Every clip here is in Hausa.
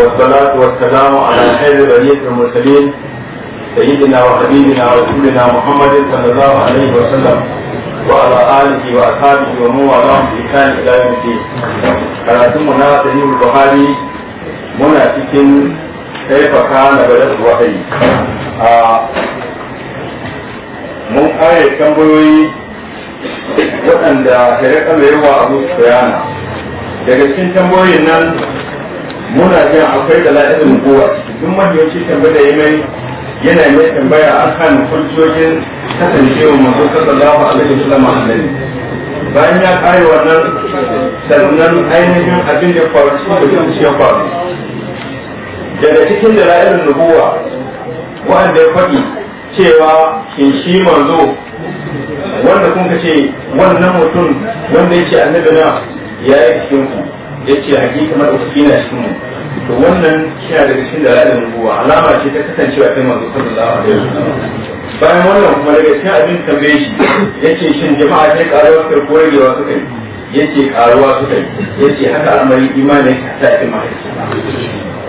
والصلاة والسلام على خير برية المرسلين سيدنا وحبيبنا ورسولنا محمد صلى الله عليه وسلم وعلى آله وأصحابه ومن والاهم بإحسان إلى يوم الدين. كراتمنا سيد البخاري منا cikin كيف كان بدأ الوحي. mun kare tambayoyi waɗanda shari'a mai yawa abu bayana daga cikin tambayoyin nan muna jin akwai da la'irin kowa cikin duk mahimmanci tambaya da ya mai yana yi tambaya kan hujjojin kasancewa masu sallallahu alaihi wasallam annabi bayan ya kare wannan sannan ainihin abin da faru da shi ya faru daga cikin da la'irin nubuwa wanda ya faɗi cewa shin shi manzo wanda kun ce wannan mutum wanda ce annabi na ya yi cikin ku ya ce hakika maɗaukaki na cikin mu to wannan kina daga cikin da ra'ayin rubuwa alama ce ta kasancewa kai manzo sallallahu da wasallam bayan wannan kuma daga cikin abin tambaye shi yace shin jama'a ta karuwa kai ko ragewa suka yi yace karuwa suka yi yace haka al'amari imanin ta ta mahaifi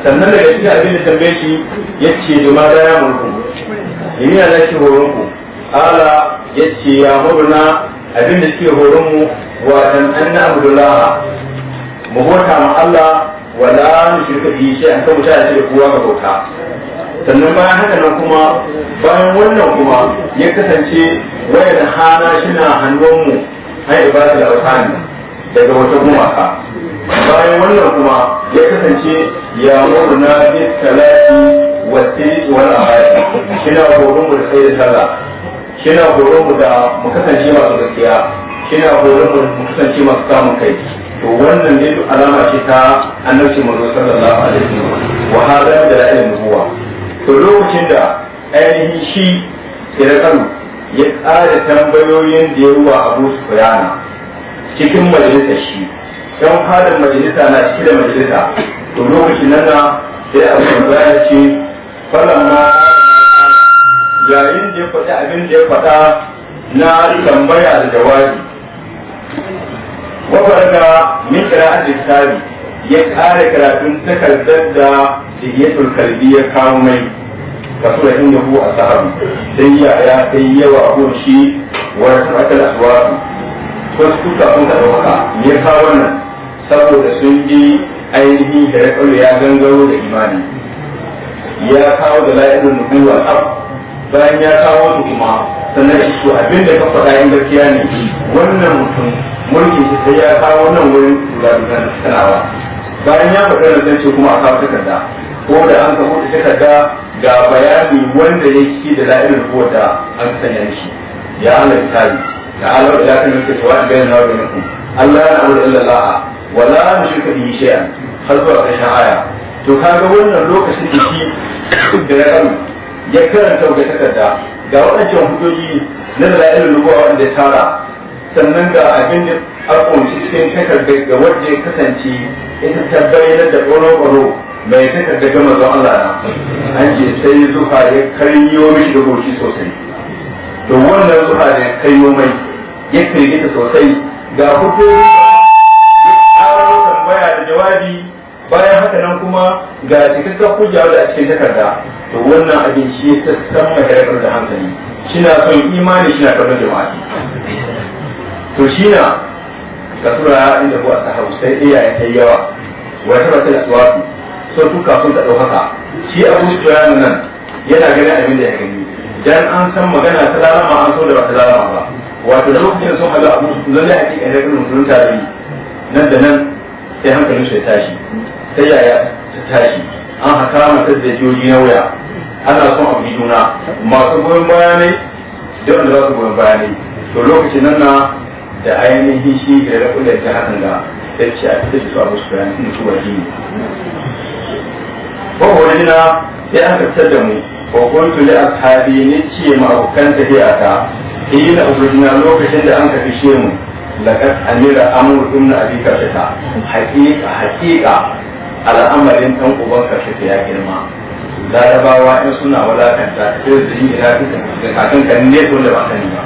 sannan daga cikin abin da tambaye shi yace juma da ya mulku yana da shi horon ku ala yace ya mabuna abin da suke horon mu wa an anna abdullah mu bauta ma Allah wala nushirka bihi shay'an kan mutane ce kowa ga bauta sannan bayan haka nan kuma bayan wannan kuma ya kasance wayar hana shina mu ai ibada da alkhani daga wata gumaka bayan wannan kuma ya kasance ya murna bi talati wa sirri wal shi shina horon mu da sai da sallah shina horon mu da mu kasance masu gaskiya shina horon mu da mu kasance masu samun kai to wannan ne duk alama ce ta annabci manzo sallallahu alaihi wa hada da ilmi huwa to lokacin da ainihin shi ya irakanu ya tsara tambayoyin da ya ruwa Abu bayana. cikin majalisar shi don fadar majalisa na cikin da majalisa to lokacin nan na sai Abu ya ce Ya yayin da ya faɗi abin da ya faɗa na tambaya da jawabi wafarka min qira'atil sabi ya kare karatun takardar da diyatul kalbi ya kawo mai kaso da inda hu ashabu sai ya ya sai yawa ko shi wa sa'atul aswaq ko su ka kun da waka ya kawo wannan saboda sun ji ainihin da ya gangaro da imani ya kawo da la'ilun nubuwa bayan ya kawo kuma sannan ka faɗa in gaskiya ne wannan mutum mulki shi sai ya kawo nan wurin tura da sanawa bayan ya faɗa da zance kuma a kawo takarda ko da an ka buɗe takarda ga bayani wanda ya ci da la'irin ko da an sanya shi ya Allah tabi ta Allah da kan yake cewa bayan na wurin ku Allah ya amuru illa Allah wa la nushrika bihi shay'an har zuwa ƙarshen aya to kaga wannan lokacin da shi da ya karu ya karanta ga takarda ga waɗancan hujjoji na la'irin ko wanda ya tara sannan ga abin da a ƙunshi cikin takardar ga wajen ya kasance ita ta bayyana da ƙoro-ƙoro mai takardar ga mazan Allah na an ce sai zuha ya karyo mai da sosai to wannan zuha da ya karyo mai ya firgita sosai ga hudu tambaya da jawabi bayan haka nan kuma ga cikakken hujja da a cikin takarda to wannan abin shi ya sassan mai da hankali shi na son imani shi na karɓar jama'a to shi na kasura inda huwa sai iya ya ta yawa wa ta rasa suwafi sun tuka sun ta ɗaukaka shi abu sufyan nan yana ganin abin da ya gani dan an san magana ta lalama an so da ba ta lalama ba wato da lokacin sun haga abu su lalle a cikin irin musulun tare nan da nan sai hankalin su ya tashi sai yaya ta tashi an haka mata da jiyoyi na wuya ana son abu juna masu goyon bayanai da wanda za su goyon bayanai to lokacin nan na da ainihin shi da kula ta hakan ga ya ce a fitar su abu su sun su waje ne wani na ya aka fitar da mu kogon su da ashabi ne ce ma abokan a ta hina na lokacin da an ka fishe mu laqad amira na ibn abi kafita haqiqa haƙiƙa al'amarin ɗan uban ta ya girma larabawa in suna walakanta sai da yi ina da kakan kan ne ko da ba sani ba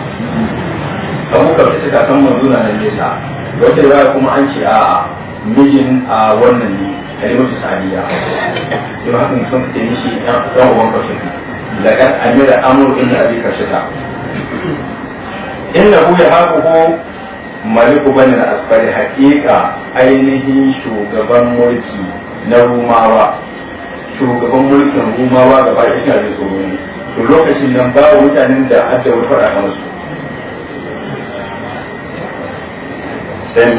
kamar kafin suka kan mazuna na nesa wata yawa kuma an ce a mijin a wannan ne a yi wata saniya sai ba hakan sun kace mishi ɗan uwan da laƙar amira amur inda abin kafin ta inda ku ya haku ko maliku bane na asfari haƙiƙa ainihin shugaban mulki na rumawa shugaban mulkin rumawa gaba ɗaya shi ne to lokacin nan babu mutanen da adda wata faɗa kan musu dan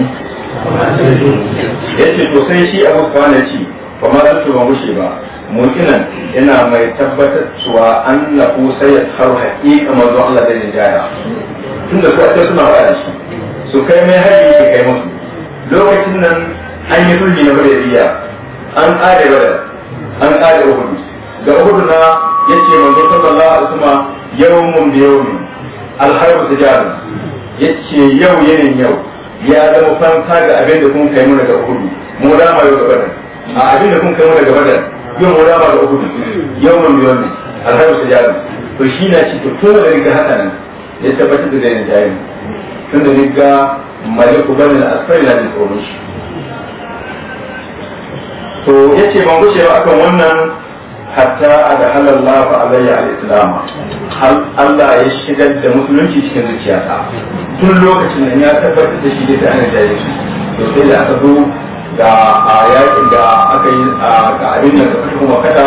yace to sai shi abu kwana ci ba ma zan tuba mushe ba mukinan ina mai tabbatar cewa an lafu sai ya tsaro haƙiƙa manzo Allah da jaya tunda da ake suna faɗa shi su kai mai haji shi kai musu lokacin nan an yi sulhi na hudaybiya an ƙare bada an ƙare uhudu ga uhudu na yace manzo sallallahu alaihi wasallam yawmun bi alhayru tijarun yace yau yanin yau ya zama fansa ga abin da kun kai mana daga uhudu mu ma yau gaba nan a abin da kun kai mana ga badar yau mu ma ga uhudu yau mun biyo ne alhaji sajadu to shi na ci to tun da riga haka ya tabbatar da dainin jayi tun da riga maliku bani al asfar na jin tsoron shi to yace ban gushe ba akan wannan hatta adhala Allahu alayya al-islam Allah ya shigar da musulunci cikin zuciyata tun lokacin da ya tabbatar da shi da ana jayi to sai da aka zo ga yakin da aka yi ga abin da ka fito makata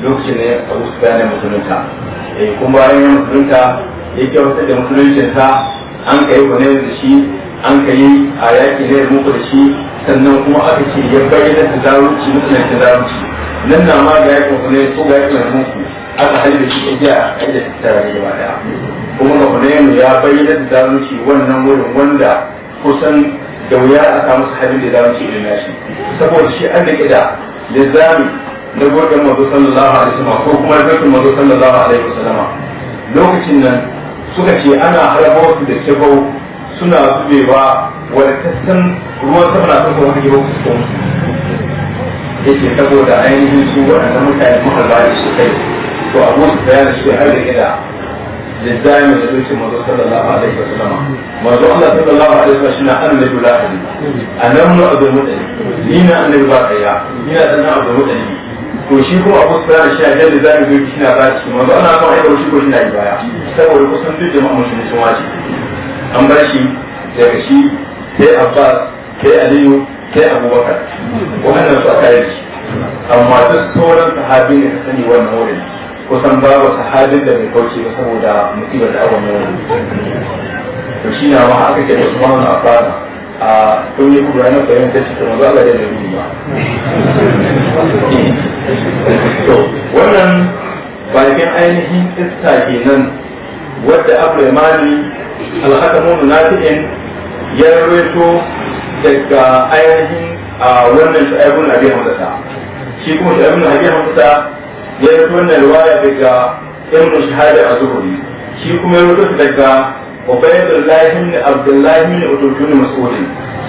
lokacin ne Abu Sufyan ya musulunta eh kuma bayan ya musulunta ya kyauta da musuluncinsa an kai gune da shi an ka yi a yaƙi ne da muku da shi sannan kuma aka ce ya bayyana da zarurci mutunan da nan na ma ga yake kuma ko ga yake mun ku aka haɗe shi in ja a da tare da wada kuma ga Hunayn ya bayyana da zalunci wannan wurin wanda kusan da wuya a samu su halin da zalunci irin nashi saboda shi an rike da lizami na gurbin mazo sallallahu alaihi wasallam ko kuma gurbin mazo sallallahu alaihi wasallam lokacin nan suka ce ana harabo su da kibau suna zubewa wadda ta san ruwan sama na kan kuma kake ba su yake saboda ainihin su waɗannan mutane muka bari su kai to abu su bayani su har da gida lizzami da zuci mazo sallallahu alaihi wasallam mazo Allah sallallahu alaihi wasallam na annabi lahadi annabi abdul mutane ni na annabi ba kaiya ni na dan abdul mutane Ko shi kuma abu su da shi a jalli zami zuci shine ba shi mazo ana kan aika shi ko yi baya saboda kusan duk jama'a ne sun wace an bar shi daga shi sai abbas sai aliyu sai abubakar wannan su aka yi amma duk sauran sahabi ne ta sani wannan wurin kusan babu sahabin da bai kauce ba saboda musibar da abu mai to shi na ma aka kira su ma na fara a kun yi kuma na bayan ta cikin wanzu Allah da ya ba to wannan bakin ainihin iska nan wadda abu imani alhakamu nafi'in ya rawaito daga ainihin a wannan shu'aibun abi hamdata shi kuma shu'aibun abi hamdata ya rawaito wannan riwaya daga ibn shahada a zuhuri shi kuma ya rawaito daga ubaydullah ibn Abdullahi ne utubun mas'ud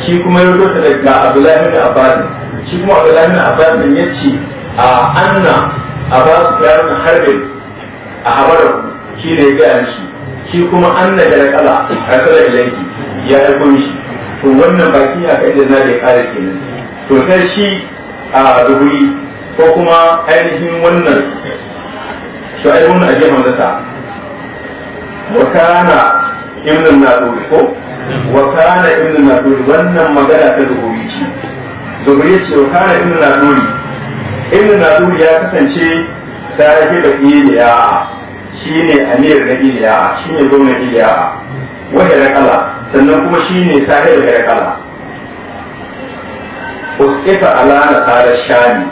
shi kuma ya rawaito daga Abdullahi ibn abbas shi kuma abdullah ibn abbas ne ce a anna abbas ibn harbin a habara shi ne ya gaya shi shi kuma anna da kala a kala ilaiki ya aiko shi to wannan baki ya kai da na da kare kenan to sai shi a duburi ko kuma ainihin wannan shu'aibun a gefen zata wa kana na naduri ko wa kana na naduri wannan magana ta duburi ce duburi ce wa kana ibn naduri na naduri ya kasance tare da iliya shine amir na iliya shine gwamnati iliya wa kala. sannan kuma shi ne da ko irqala usqifa ala nasara shani,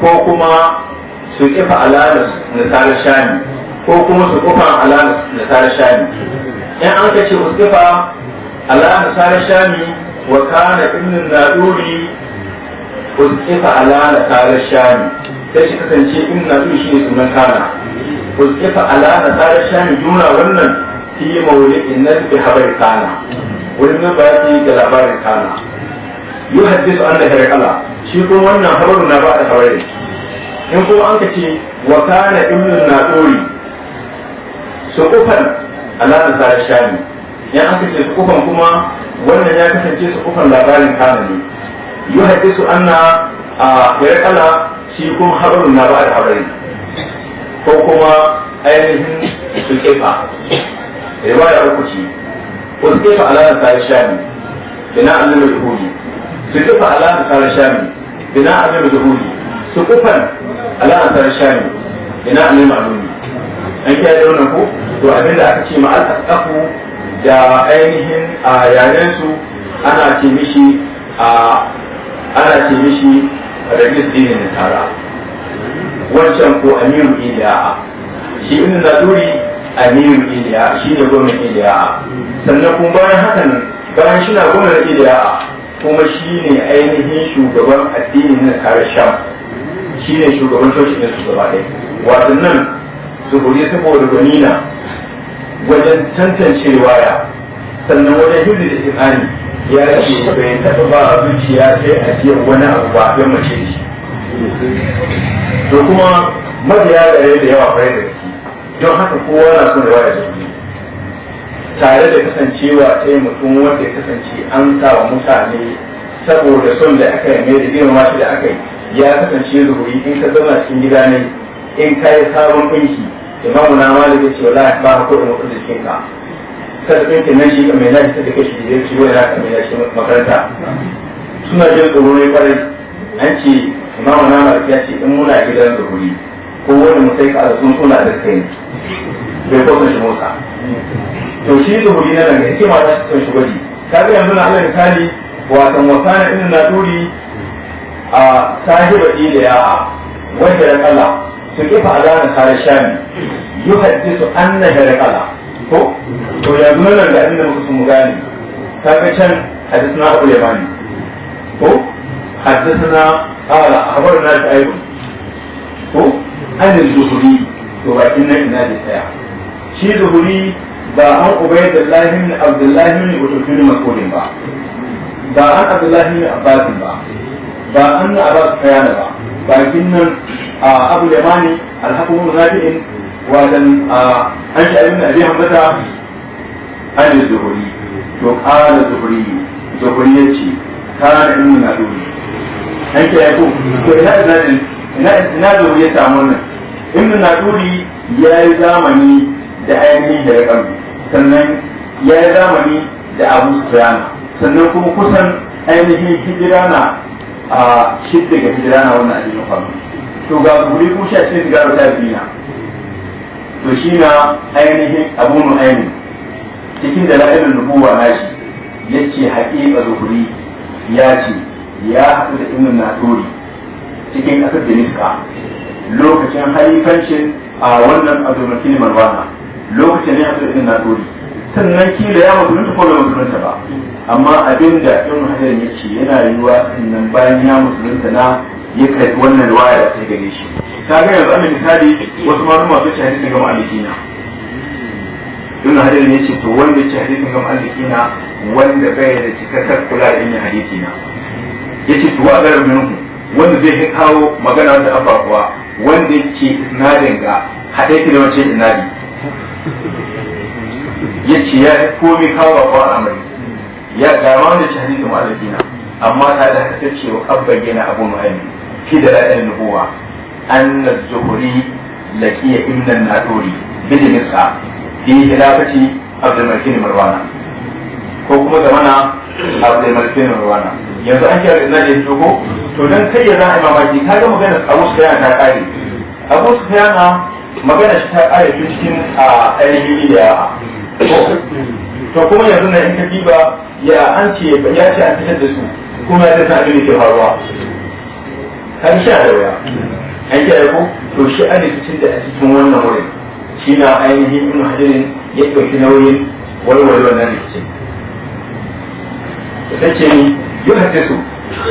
ko kuma su kifa ala nasara shani, ko kuma su kufa ala nasara shani. in an kace usqifa ala nasara shani wa kana ibn naduri usqifa ala nasara shani, sai shi kasance ibn naduri shi ne sunan kana usqifa ala nasara shani juna wannan yi maulidin nan bi habar kana wurin nan ba shi ga labarin kana yu hadisu an da harkala shi ko wannan habaru na ba da habari in ko an kace wa kana na nadori su kufan ala da shani in an kace su kufan kuma wannan ya kasance su kufan labarin kana ne yu an na a harkala shi kun habaru na ba da habari ko kuma ainihin su kifa riwaya eh, uku ce wasu kefa alaƙar tare shami bina annabi zuhuri su kefa alaƙar tare shami bina annabi zuhuri su kufan alaƙar tare shami bina annabi ma'alumi an kiyaye da wannan ko to abin da aka ce ma al'aqafu da ainihin a yaren su ana ce mishi a ana ce mishi rajis dinin tara wancan ko amiru ida'a shi ibn naduri amiru iliya shi ne gwamnan iliya sannan kuma bayan hakan bayan shi na gwamnan iliya kuma shi ne ainihin shugaban addini na kare sham shi ne shugaban coci ne su gaba ɗaya wato nan zuhuri saboda gwanina wajen tantancewa ya sannan wajen hudu da imani ya ce bai taɓa ba zuciya sai a jiya wani abu ba don mace shi to kuma mabiya gare da yawa farai da don haka kowa na son waya zuhuri tare da kasancewa ta yi mutum wanda ya kasance an sa wa mutane saboda son da aka yi mai da girma shi da aka yi ya kasance zuhuri in ka zama cikin gida ne in ka yi sabon kunki imamu na da ya ce wala ba ka da mutum da cikin ka kada kunki nan shi mai nashi ta kai shi da yake wani na kamar nashi makaranta suna jin tsoro ne kwarai an ce imamu na malik ya ce in muna gidan zuhuri ko wani mutai ka da sun suna da kai bai ko shi motsa to shi zuhuri na daga hikima ta son shi gwaji kaga yanzu na Allah misali watan wasana inda na turi a sahiba iliya wanda ya kala su kifa azana kare an na anna kala ko to yanzu nan da inda muka sun gane kaga can hadisna abu ya bani. ko حدثنا قال اخبرنا ko. anin zuhuri to bakin nan ina da tsaya shi zuhuri ba an ubaidullahi ibn abdullahi ibn utubin makulin ba ba an abdullahi ibn ba ba an abbas kayana ba bakin nan abu yamani alhakumu nafi'in wadan an shi abin abi hamdata an zuhuri to qala zuhuri zuhuri yace kana to ina da ina da ya samu nan na naduri ya yi zamani da ainihi da ya kambi sannan ya yi zamani da abu sufyan sannan kuma kusan ainihin hijira na a shidda ga hijira na wannan addinin kwanu to ga guri ko sha cikin sigaro ta biyu na to shi na ainihin abu nu'aymin cikin da la'ilin nubuwa na shi ya ce haƙiƙa zuhuri ya ce ya haɗu da na naduri cikin kasar dimiska lokacin halifancin a wannan azurmakin marwana lokacin ne asar na nasori sannan kila ya musulunta ko bai musulunta ba amma abin da ibn hajjar ya ce yana yiwuwa sannan bayan ya musulunta na ya kai wannan ruwaya da ta gare shi ta ga yanzu amin misali wasu masu sun ce hadisin gama alikina ibn hajjar ya ce to wanda ce gama alikina wanda bai da cikakkar kula da yin na, ya ce to wa a garin minhu wanda zai fi kawo magana wanda an faruwa wanda ke isnadin ga haɗe ki da wancan isnadi ya ce ya yi komai kawo ba kawai amari ya gama wanda ce hadisi mu'allafi na amma ta da haka ce wa abban yana abu mu'ayyami fi da ra'ayin nubuwa an na zuhuri laƙiya imnan na ɗori bilinisa fi hilafati abdulmakin marwana ko kuma zamana abdulmakin marwana yanzu an kira ina da yake ko to dan kai ya za'a mamaki ka ga magana Abu kayana ta kare Abu kayana magana shi ta kare tun cikin a ainihin da to kuma yanzu na in ka diba ya an ce ya ce an fitar da su kuma ya san abin da ke faruwa kan sha da waya an kira ko to shi an cikin da a cikin wannan wurin shi na ainihin ibn hajarin ya ɗauki nauyin walwale wannan rikicin da ni yuhaddisu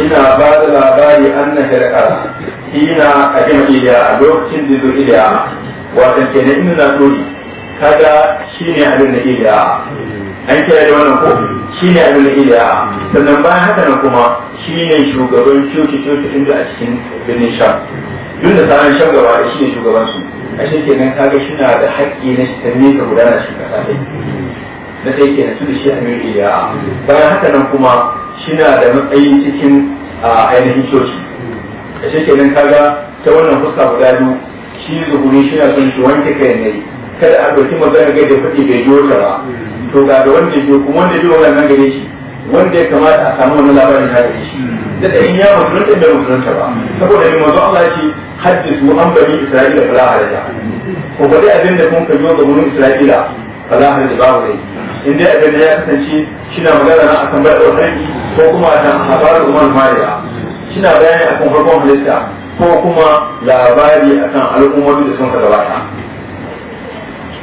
ina ba da labari anna ina a ajma iliya a lokacin da zo iliya wato kenan ina na tsori kaga shine abin da iliya an kira da wannan ko shine abin da iliya sannan bayan haka nan kuma shine shugaban coci coci inda a cikin birnin sham duk da sa'an shan gaba da shine shugaban su a shi kenan kaga na da haƙƙi na shi ta mika gudana shi kasa na sai kenan su tudu shi mai iliya bayan haka nan kuma shina da matsayi cikin a ainihin coci a nan kaga ta wannan fuska guda biyu shi zuhuri shina son shi wanke kai ne kada a ɗauki magana gai da faɗi bai biyo ta ba to ga da wanda biyo kuma wanda biyo wannan gare shi wanda ya kamata a samu wani labarin ya gare shi da in ya da bai ta ba saboda ni manzo Allah ya ce haddisu an bari Isra'ila fala halitta ko ba dai abin da kun kajo ga wurin Isra'ila fala halitta ba dai. in ya gani ya kasance shina magana na akan bai ɗaukarki ko kuma akan labarin umar mariya na bayani kan farkon halitta ko kuma labari akan al'ummomi da sun ka gabata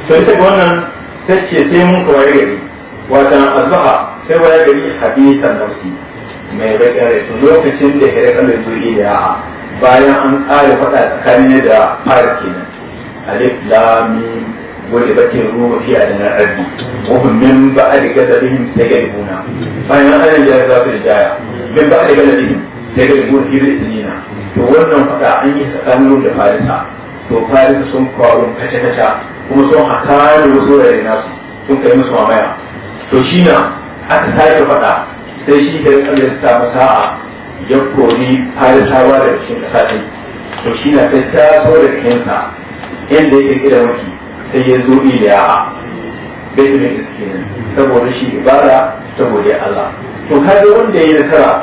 ita ga wannan ta ce sai mun kawai gari watan azuha sai waya gari hadisan nafsi mai bakin to lokacin da ya kalla zuri da bayan an kare faɗa tsakanin da fara kenan alif lamim wadda take ruwa fiya da na arbi wani min ba a daga da bihin daga da buna bayan ana yi za su da min ba a daga da bihin daga da buna irin isnina to wannan fata an yi tsakanin da farisa to farisa sun kwaro kacce-kacce kuma sun hakanu wasu da nasu sun kai musu mamaya to shi na aka sake fata sai shi da ya sa masa a ya kori farisawa da cikin kasashe to shi na sai ta so da cikinsa inda ya kirkira mafi sai ya zo ya bai gaske ne saboda shi ibada saboda Allah to kaga wanda ya nasara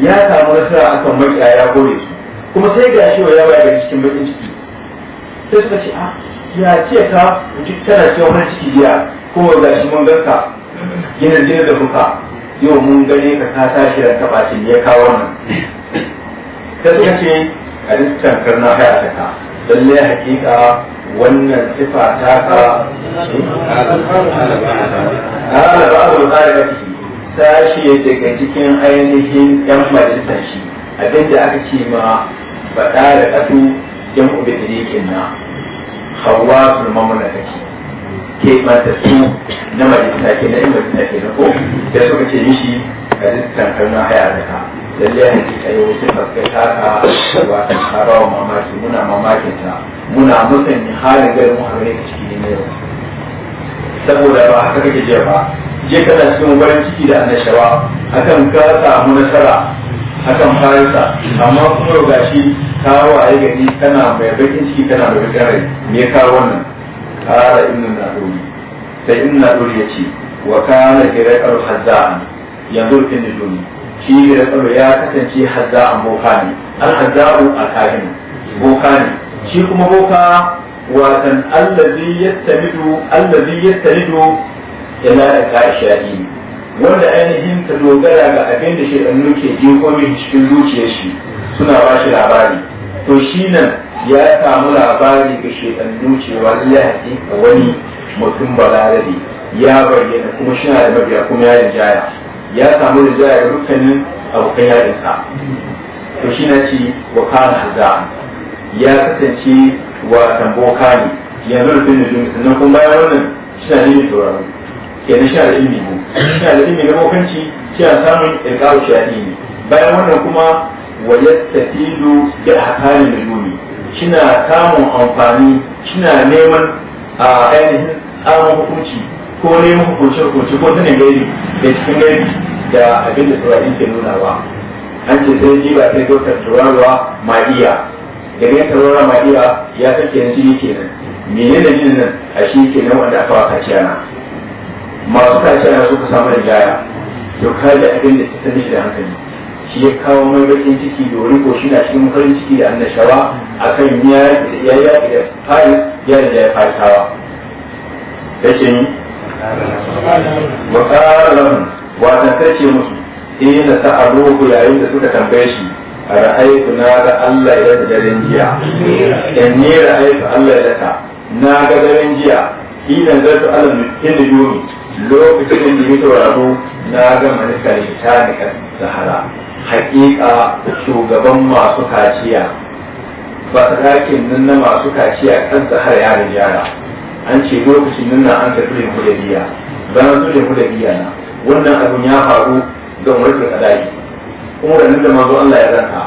ya samu nasara akan maƙiya ya gore su kuma sai ga shi ya baya cikin bakin ciki sai suka ce ah ya ce ka duk tana cewa wani ciki jiya ko ga shi mun ganka yana jira da kuka? yau mun gane ka ka tashi da ka bacin ya kawo wannan sai suka ce a dukkan karna haya ta ka lalle hakika wannan sifa ta ka ala babu zarati sashi daga cikin ainihin yan majalisar shi abinda aka ce ma faɗa da ƙasu yan ubin na hawa su mamuna take ke mata su na majalisa ke na yan majalisa ke na ko da suka ce mishi a dukkan karnar haya da ka lalle hakika yau sifar kai taka ba ta kara wa mamaki muna mamakin ta muna musan halin garin muhammadu ka ciki ne yau saboda ba haka kake jiya ba je kana cikin ciki da annashawa akan ka samu nasara akan farisa amma kuma ga shi kawo waye gani kana mai bakin ciki kana mai bakin rai me ya kawo wannan kara na naduri sai ibn naduri ya ce wa kana kira al-hazzan yanzu kin duni shi da rafaro ya kasance hadda a boka ne al hadda'u a kahin boka ne shi kuma boka watan allazi yattalidu allazi yattalidu ila al-qashai wanda ainihin ta dogara ga abin da shaidannu ke jiko min cikin zuciyar shi suna ba shi labari to shi nan ya samu labari ga shaidannu cewa a wani mutum balarabe ya bayyana kuma shi na da mabiya kuma ya rinjaya ya samu da jaya dukkanin abokan yarinsa to shi na ci wa kana haza ya kasance wa tamboka ne yanzu da sun nujumi sannan kuma bayan wannan shi na nemi tauraro ke shi na da ilimi shi na da ilimi na bokanci shi na samun ilkawo shi na ilimi bayan wannan kuma wa yastatilu bi hakani nujumi shi na samun amfani shi na neman a ainihin tsarin hukunci ko ne muku kuce ko tana gari da cikin gari da abin da turaɗin ke nuna ba an ce sai ji ba sai dokar turaruwa ma iya da ganin turaruwa ma iya ya sake yanzu yi kenan menene jin nan a shi nan wanda aka waka ciyana masu kaciyana su ka samu rigaya to kai da abin da ta sani da hankali shi ya kawo mai bakin ciki da wuri ko shi na cikin farin ciki da annashawa a kan ya yaƙi da fa'in ya fara ya fa'itawa. Rashin wa qalan wa tantace musu ina sa'aluhu yayin da suka tambaye shi A ra'aytu na ga Allah ya da daren jiya in ni ra'aytu Allah ya ta na ga daren jiya ina zartu Allah mutin da yomi lokacin da ya tauraro na ga manikari ta da sahara hakika shugaban masu kaciya ba nan na masu kaciya kan sahara ya da yara an ce lokacin nan an ka sulhin hudaybiya bayan sulhin hudaybiya na wannan abun ya faru ga mulkin kadai kuma da nan da manzo Allah ya ranka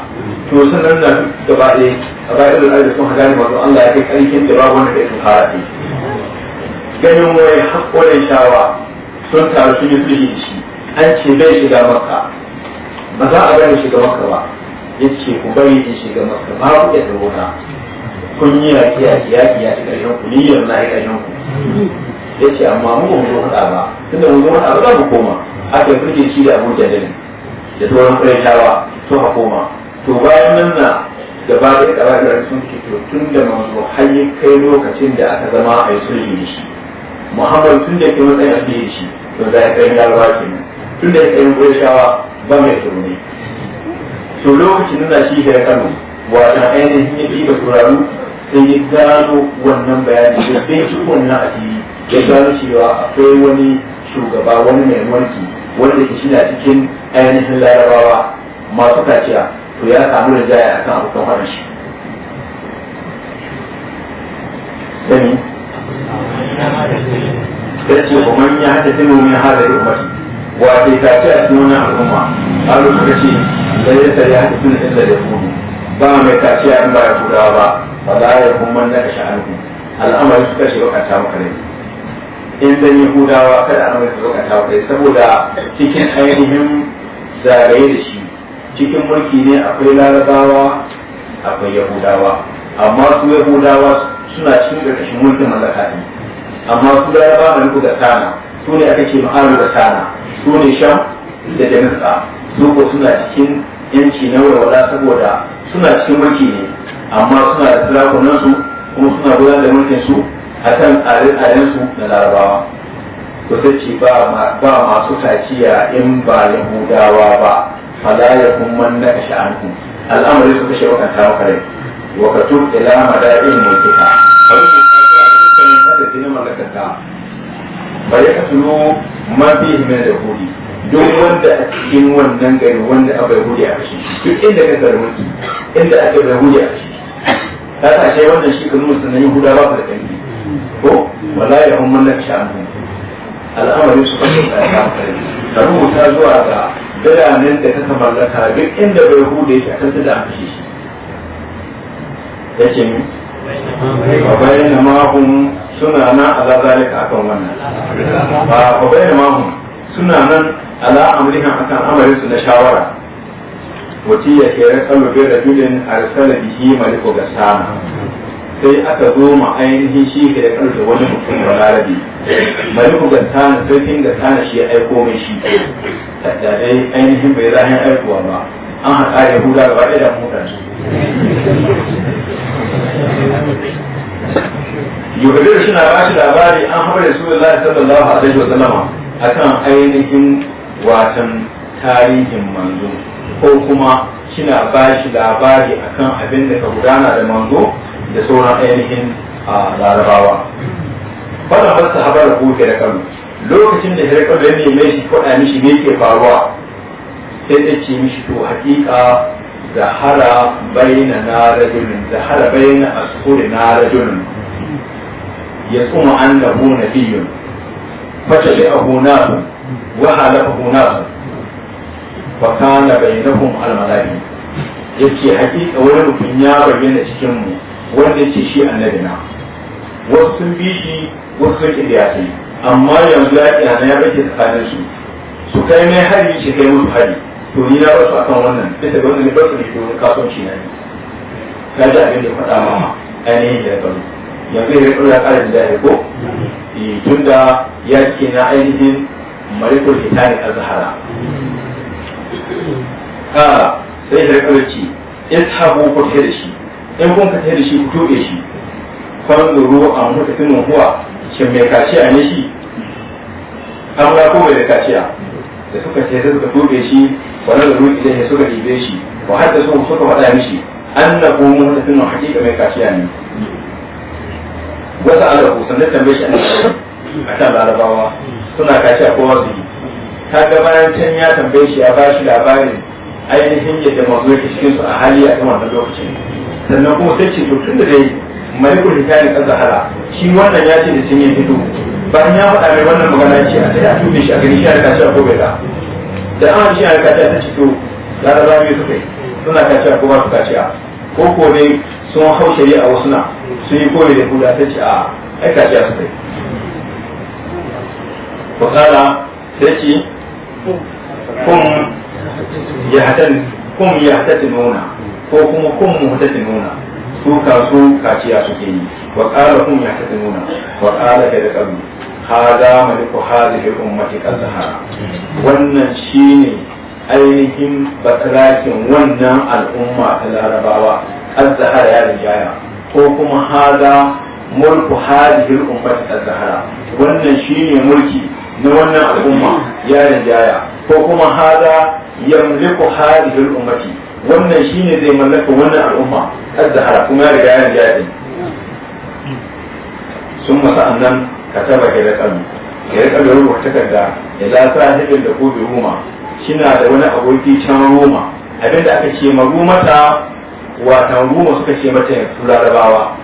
to sannan na gaba ɗaya a bayan da Allah sun hada manzo Allah ya kai karkin da babu wanda ya fara ganin wai hakkoren shawa sun taru sun yi sulhi shi an ce bai shiga makka ba za a bari shiga makka ba yace ku bari in shiga makka babu yadda wata kun yi yaki yaki yaki ya ci ƙarshen ku ni yanzu na yi ƙarshen ku ya ce amma mu mun zo haɗa ba tunda mu zo haɗa ba za mu koma aka yi kuke ci da abu jadalin da sauran ƙarshawa sun ha koma to bayan nan na gaba da ƙarar sun fito tun da manzo har ya kai lokacin da aka zama a yi sulhi da shi muhammad tun da ke matsayin a fiye shi to za ya kai larabawa kenan tun da ya kai shawa ba mai tsoro ne to lokacin nuna shi da ya kano wajen ainihin ya ɗiba turaru sai ya gano wannan bayani da sai shi wannan asiri ya gano cewa akwai wani shugaba wani mai mulki wanda ke shi cikin ainihin larabawa masu kaciya to ya samu da jaya a kan abokan wannan shi sani ya ce kuma ya hada sinu min hada da umarci wa ke kaciya a cikin wannan al'umma har suka ce sai ya hada sinu inda da ba mai kaciya in ba ya kudawa ba ba za ya kuma na da sha'anu al'amari su kashe ta maka rai. in dan yahudawa kada an al'amari su ta maka rai. saboda cikin ainihin zagaye da shi cikin mulki ne akwai larabawa akwai yahudawa amma su yahudawa suna cikin ƙarƙashin mulkin mallaka ne amma su larabawa ne ku da sana su ne aka ce ma'aru da sana su ne sham da jamisa su ko suna cikin yanci na walwala saboda suna cikin mulki ne amma suna da sarakunan kuma suna gudanar da mulkin su kan alin su na larabawa to sai ce ba masu kaciya in ba yahudawa ba fala ya kuma na kashe anhu al'amari su kashe wakan ta maka rai ila mada'in mulkika abin ka ga dukkanin da man bihi min da hudi duk wanda a cikin wannan gari wanda abai hudi a kashe duk inda ka ga mulki inda aka ga hudi a kashe ta ta shi wannan shi kan musulmi yahuda ba ku da kai ko wallahi an mallaka sha'anu al'amari su kan da ya kare ta rubuta zuwa ga biranen da kaka mallaka duk inda bai hude shi a kan da an shi yace ni wa bayyana ma hum suna nan ala zalika akan wannan ba wa na ma hum suna nan ala amrihan akan amarin su na shawara wasiya ke rasalu bi rajulin arsala bihi maliku gasama sai aka zo ma ainihin shi ke da kansa wani mutum da larabi maliku gasama sarkin gasama shi ya aiko mai shi da dai ainihin bai zahin aikowa ba an haɗa da yahuda gaba ɗaya da mutane yuhudir suna ba shi labari an haɓar da suwa Allah sallallahu alaihi wa sallama akan ainihin wasan tarihin manzo ko kuma kina ba shi labari a kan abin da ka gudana da manzo da sauran ainihin a larabawa wannan ba su haɓar kuke da kanu lokacin da shirka da ne mai shi faɗa mishi me ke faruwa sai ta ce mishi to haƙiƙa zahara bayyana na rajulun zahara bayyana asuri na rajulun ya tsuma annahu biyun fata a nasu wa halafahu nasu fa kana bainahum al-malabi yace hakika wani mutum ya bayyana cikin mu wanda yake shi annabi na wasu sun bi shi wasu sun ya amma yanzu ya kiyana ya bace tsakanin su su kai mai hari shi kai musu hari to ni na basu akan wannan bisa ga wannan ne basu ko domin kasuwanci na ne ka ji abin da faɗa ma ainihin da faru yanzu ya rikula ƙarin da ya ko tun da ya na ainihin marikul hitani azhara kala sai da rikar ce in tabo ku tafi da shi in kun ka tafi da shi ku tuɓe shi kwan ruwa a mutakin huwa shin mai kaciya ne shi an ba ko bai da kaciya da suka ce sai suka tuɓe shi wannan da idan ya suka ɗibe shi wa hadda su suka faɗa mishi annahu mutakin hakika mai kaciya ne wasu alaƙu sannan tambaye shi a kan larabawa suna kaciya kowa su yi ta ga can ya tambaye shi ya ba shi labarin ainihin da masu yake cikin su a hali a kuma wannan lokacin sannan kuma sai ce tun da dai malikul hikayin kan zahara shi wannan ya ce da sun yi fito bayan ya faɗa mai wannan magana ya ce a sai a tube shi a gani shi a rikaci a kobe da da an shi a rikaci a ta ci to laraba biyu suka yi suna kaci ko kuma su a ko ko dai sun hau shari'a wasu na sun yi kore da kula ta ce a a su suka yi wakala sai ce kun yahtan kum yahtatinuna ko kuma kum muhtatinuna su ka su kaciya suke yi wa qala kum yahtatinuna wa qala kada qabi hada maliku hadhihi ummati kallaha wannan shine ainihin batrakin wannan al'umma ta larabawa az-zahara ya rijaya ko kuma hada mulku hadhihi al-ummati az-zahara wannan shine mulki na wannan al'umma ya rijaya ko kuma hada yamliku hadhihi ummati wannan shine zai mallaka wannan al'umma az-zahara kuma ya riga ya riga ya sun masa annan kataba ga rakan ga rakan da rubuta takarda ya la sahibin da kobe roma shina da wani aboki can roma abinda aka ce ma rumata watan roma suka ce mata yanzu larabawa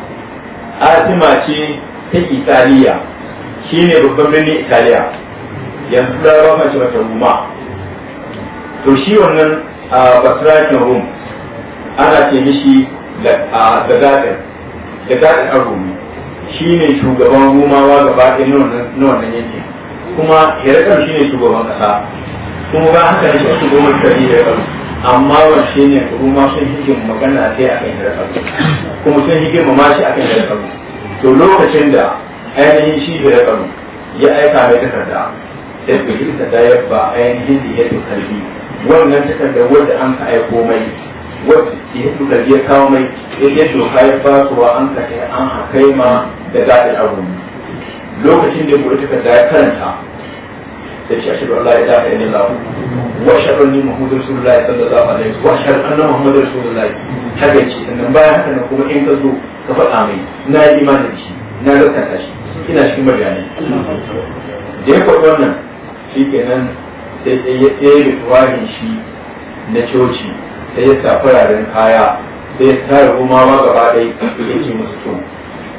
asima ce ta italiya shine babban birnin italiya yanzu larabawa ce mata roma to shi wannan basirakin rum ana ce mishi da daɗin da daɗin rumi shi ne shugaban rumawa gaba ɗaya na wannan yankin kuma hirakar shi ne shugaban ƙasa kuma ba haka ne shi shugaban da hirakar amma ban shi ne ruma sun hikin magana yi a kan hirakar kuma sun hikin ma shi a kan hirakar to lokacin da ainihin shi da hirakar ya aika mai takarda sai bai takarda ya ba ainihin da ya karfi wannan da wadda an ka aiko mai wadda ya hito da biya kawo mai ya ce doka ya fasuwa an ka kai an hakai ma da dadi abu lokacin da buɗe takarda ya karanta sai shi ashiru Allah ya dafa ne lafu wa shaɗar ni Muhammadu Rasulullahi sallallahu alaihi wasallam wa shaɗar annan Muhammadu Rasulullahi haka ce sannan bayan haka kuma in ka zo ka faɗa mai na yi imanin shi na gaskata shi ina cikin mabiyanai da ya faɗi wannan shi kenan sai ya tsere tuwahin shi na coci sai ya sa fararen kaya sai ya tara ma gaba ɗai ya ce musu tun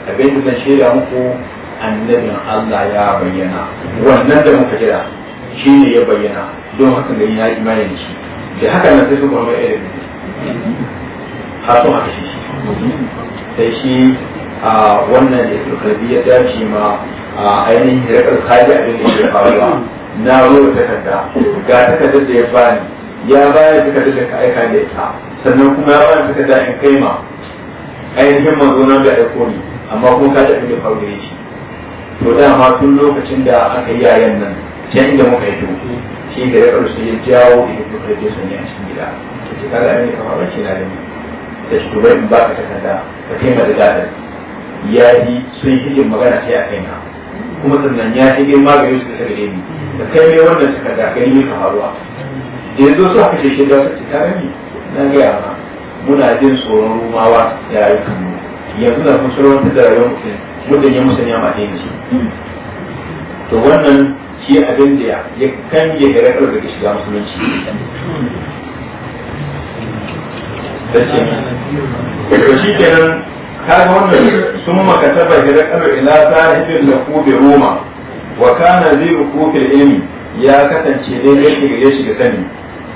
abin da zan shaida muku annabin Allah ya bayyana wannan da muka jira shi ne ya bayyana don haka da ya imanin shi da haka nan sai suka mai irin har haka shi sai shi a wannan da ya turkarbi ya dace ma a ainihin da ya abin da ya faruwa na roba takarda ga takardar da ya bani ya bayar takardar da ka aika da ita sannan kuma ya bani takarda in kai ma ainihin manzo na da aiko ni amma kuma ka tafi da faru shi to dama tun lokacin da aka yi yayan nan can muka yi to shi da ya ƙarshe ya jawo da duka da sanya a cikin gida ta ce kaga kama kamar bace na da ni ce shi bai in baka takarda ka kai ma da dadar ya yi sun yi magana sai a kai na kuma sannan ya yi girma ga yusuf da gare ni da kai mai wannan suka da gari ne ka haruwa yanzu su aka ce shiga su ci tare na gaya ma muna jin tsoron rumawa ya yi kanu yanzu na kun tsoron da rayuwar mutum mutum ya musanya ma ɗaya shi to wannan shi abin da ya kange da rakar da shiga musulunci da shi kenan kaga wannan sun makataba hirakar ila sahibin da ku roma wa kana zai ukufi ilmi ya kasance daidai shi gare shi ga sani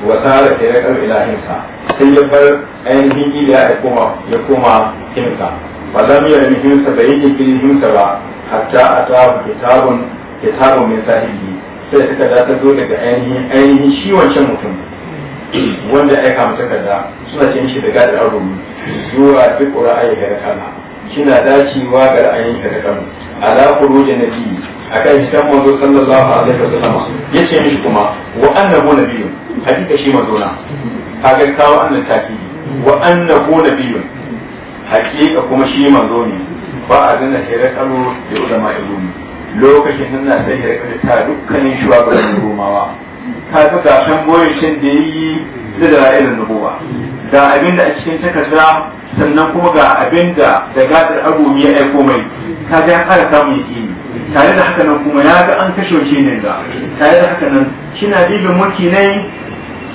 wa tsara hirakar ilahinsa sai ya bar ainihin ila ya koma ya koma kinsa ba za mu yi hinsa ba yi jinkirin hinsa ba hatta a ta kitabun kitabun min sahibi sai suka dace daga ainihin ainihin shi wancan mutum wanda ya aika mata kaza suna cin shi da gadar arumi zuwa duk ra'ayi ga kana kina dacewa ga ra'ayin ka da kanu ala khurujin nabi akan hitan manzo sallallahu alaihi wasallam yace mishi kuma wa annahu nabiyyu hakika shi manzo na kaga kawo annan taki wa annahu nabiyyu hakika kuma shi manzo ne ba a zana hirakalu da ulama ilimi lokacin nan na sai hirakalu ta dukkanin shugabannin romawa ka ga gashin goyon shin da ya yi da ra'ayin nubuwa ga abin da a cikin takarda sannan kuma ga abin da da gadar arumi ya aiko mai ka ga ya fara samun yaƙini tare da haka nan kuma ya ga an kashe shi ne ga tare da haka nan kina dibin mulki ne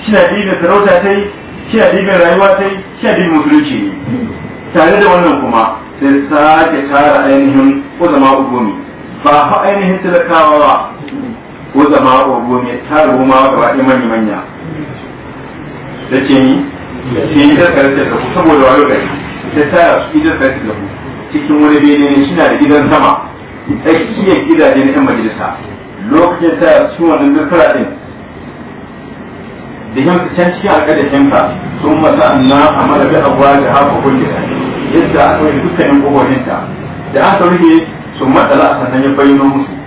kina dibin sarauta ta yi kina dibin rayuwa ta yi kina dibin musulunci ne tare da wannan kuma sai sake tara ainihin ko zama ugumi ba fa ainihin talakawa ko zama a rome ta roma wa gaba ɗaya manya manya da ce ni sai ni zarka da ku saboda wani gari ta tara su idan zarka da ku cikin wani bene ne shi na da gidan sama tsakiyar gidaje na 'yan majalisa lokacin ta su wannan dukkan din da yanka can cikin alƙadar yanka sun masa na a malabi abuwa da haka kulle yadda aka yi dukkanin ta da aka rufe sun matsala a sannan ya bayyana musu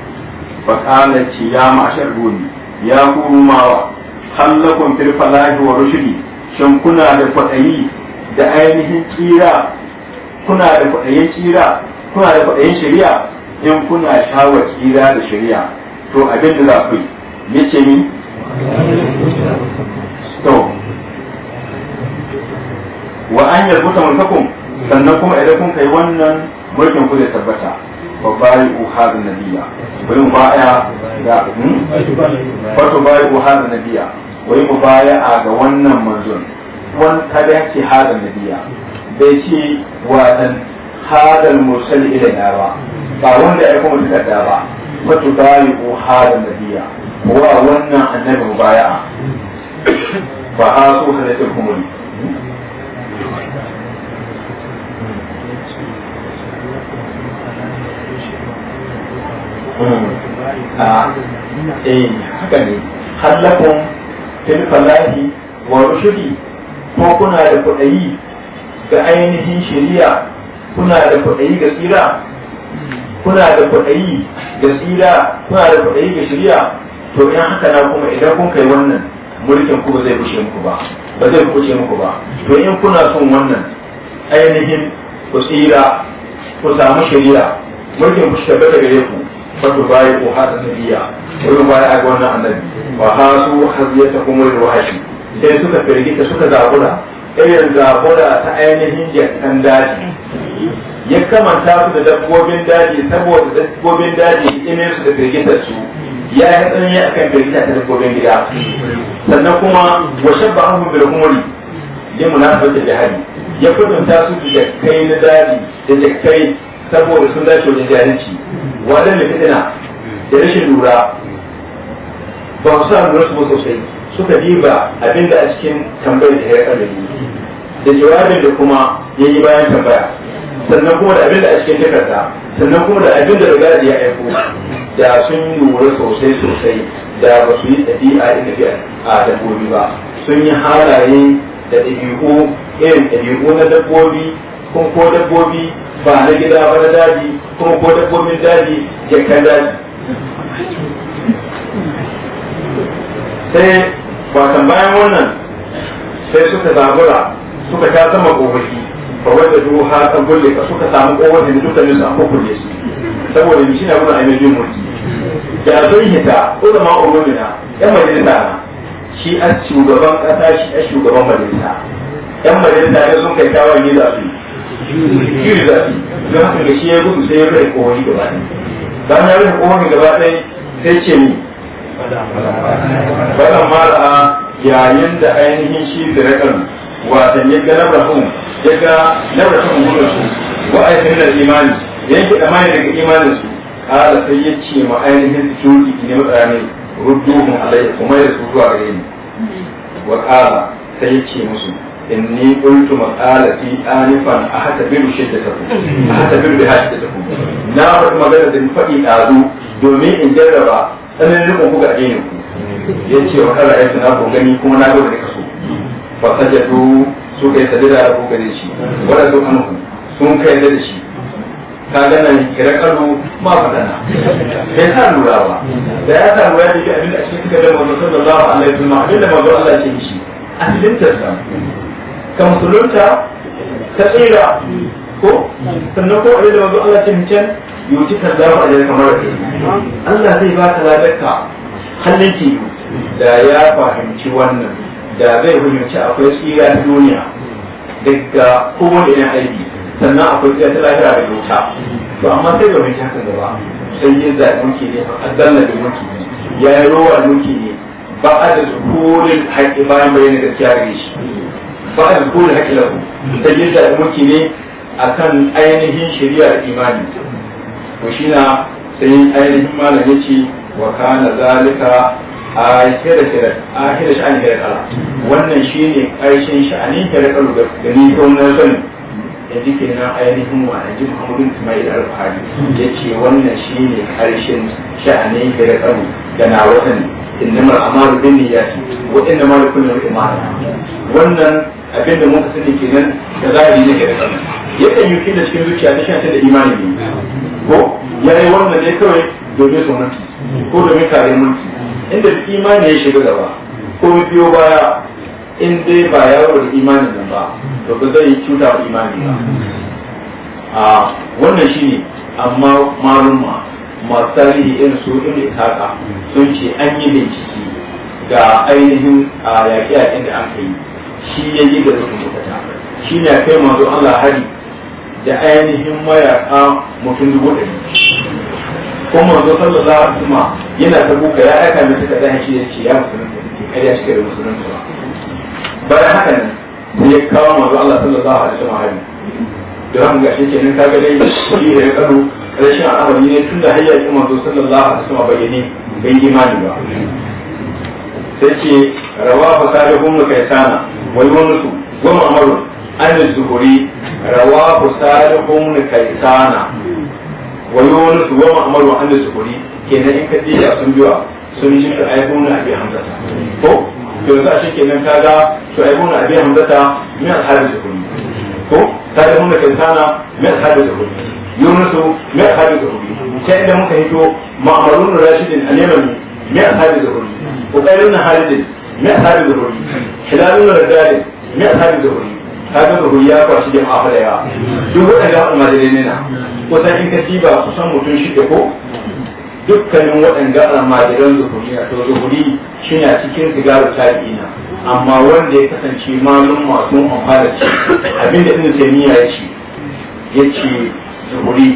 فقال يا معشر بني يا قوماوا hal lakum fil falahi wa rushdi shin kuna da kwadayi da ainihin tsira kuna da kwadayin tsira kuna da kwadayin shari'a in kuna shawar tsira da shari'a to abin da za ku yi yace ni to wa an sannan kuma idan kun wannan mulkin ku tabbata babayi uhadun nabiya ga wannan manzon wani kada ya ce hadun nabiya bai ce watan hadal mursal ilaina ba wa wannan annabi mu baya ba Ah, eh haka ne hallakun fil wa rushdi ko kuna da kudayi ga ainihin shari'a kuna da kudayi ga tsira kuna da kudayi ga tsira kuna da kudayi ga shari'a to in haka na kuma idan kun kai wannan mulkin ku ba zai bushe muku ba ba zai kuce muku ba to in kuna son wannan ainihin ku tsira ku samu shari'a mulkin ku shi tabbata gare ku fatu bayi ko hada nabiya wurin bayi a ga wannan annabi wa hasu haziyata kuma ruhashi sai suka firgita suka zabura irin zabura ta ainihin yankan daji ya kamanta su da dabbobin daji saboda dabbobin daji ime su da firgitar su ya yi tsanani a kan firgita ta dabbobin gida sannan kuma wa shabba an hubir humuri limu na da jihari ya kudunta su da jakkai na daji da jakkai saboda sun dace wajen jahilci wajen da fitina da rashin lura ba su sa lura su sosai suka diba abinda a cikin tambayar da ya kalli da jawabin da kuma ya yi bayan tambaya sannan kuma da abinda a cikin takarda sannan kuma da abinda riga da ya aiko da sun lura sosai sosai da ba su yi ɗabi'a da a dabbobi ba sun yi halaye da ɗabi'u irin ɗabi'u na dabbobi kun ko dabbobi ba na gida ba na daji kuma ko komin daji kan daji sai wasan bayan wannan sai suka zabura suka ta sama kofofi ba wanda duhu ha san gulle ka suka samu kofofi da dukkanin su an kulle su saboda ni shine abin da ainihin jin mulki da ko hita ulama ulumina yan majalisa na shi a shugaban kasa shi a shugaban majalisa yan majalisa ne sun kai tawaye za su yi shi da zafi don haka da shi ya gudu sai ya rufe kowane gaba ɗaya bayan ya rufe kowane gaba ɗaya sai ce ni bayan mara yayin da ainihin shi da rakan watan ya ga nabrahun ya ga nabrahun gudun su wa aikin da imani yanke tsammani daga imanin su ala sai ya ce ma ainihin security ne mutane rudduhun alai kuma ya su zuwa gare ni wa ala sai ya ce musu inni qultu maqalati anifan ahtabiru shiddatakum ahtabiru bihaddatakum na faɗi magana da faɗi ɗazu domin in jarraba tsananin ku ga addinin ku ya ce wa kala ayyuka na ku gani kuma na ga da kaso fa sajadu su kai sadida da ku gare wala su anhu sun kai da shi ka ga nan kira kalu ma fadana sai sa lura ba da ya sa lura abin da cikin kalamar sallallahu alaihi wasallam abin da manzo Allah ya ce ka musulunta ta tsira ko sannan ko abin da wanzu Allah ce mutum yuci ci kan zama a jirgin mara Allah zai ba ka ladarka hannun da ya fahimci wannan da zai fahimci akwai tsira na duniya daga kowane irin aiki sannan akwai tsira ta lahira da wuta to amma sai ga mai haka gaba sai yin zaɓi muke ne a zanna da muke ne ya yi rowa muke ne ba a da tsorin haƙi bayan bayan da gaskiya gare shi ba da kore haƙi lahu dalil da muke ne kan ainihin shari'ar imani to shi na sai ainihin malam ya ce wa kana zalika ahira shari'a ahira sha'anin shari'a wannan shine ƙarshen sha'anin shari'a da ni na sanin da jikin na ainihin wa ji Isma'il ismail alfahari ya ce wannan shi ne harshen sha'anin hira tsaro da na watan innamar amaru bin niyyati wa inna malikun yawm imana wannan abin da muka sani kenan da zahiri ne hira tsaro ya kan yukin da cikin zuciya da shan da imani ne ko ya yi wannan ne kawai domin su ko domin kare mulki inda imani ya shiga gaba ko biyo baya in dai ba yaro da imanin nan ba to ba zai cuta wa imani ba a wannan shine amma malumma masu tarihi irin su ibn ishaqa sun ce an yi bincike ga ainihin a yaƙi a da an kai shi ya yi da rukun mutata shi ne kai mazu Allah hari da ainihin mayaƙa mutum dubu ɗari ko manzo sallallahu alaihi wasallam yana ta buka ya aika mai suka zai shi ya ce ya musulunta ya shi da musulunta ba bayan haka ne sai ya kawo manzo Allah sallallahu alaihi wasallam hari da ran gashi kenan ka ga dai shi da ya karo rashin al'amari ne tun da hayyakin manzo sallallahu alaihi wa wasallam bayyane bai imani ba sai ce rawa fa salihun kaisana wal wanusu wa ma'maru an zuhuri rawa fa salihun kaisana wa yunus wa ma'maru an zuhuri kenan in ka diya sun biya sun yi shi ayyukan abi hamza ko to yanzu a shike nan kaga to ai mun abi hamzata min da zuhuri ko ta da mun kansana min ashabi zuhuri yunusu min ashabi zuhuri sai da muka hito ma'amarun rashidin al-yamani min ashabi zuhuri uqailun halidin min ashabi zuhuri hilalun radadin min da ashabi ta ga zuhuri ya kwashi da ma'afalaya duk wanda ga almajirai ne na kusan in ka tiba kusan mutum shi ko dukkanin waɗanda almajiran zuhuri a to zuhuri shi a cikin sigarar tabi'ina amma wanda ya kasance malum masu amfana ce abinda ibn taymiya ya ce ya ce zuhuri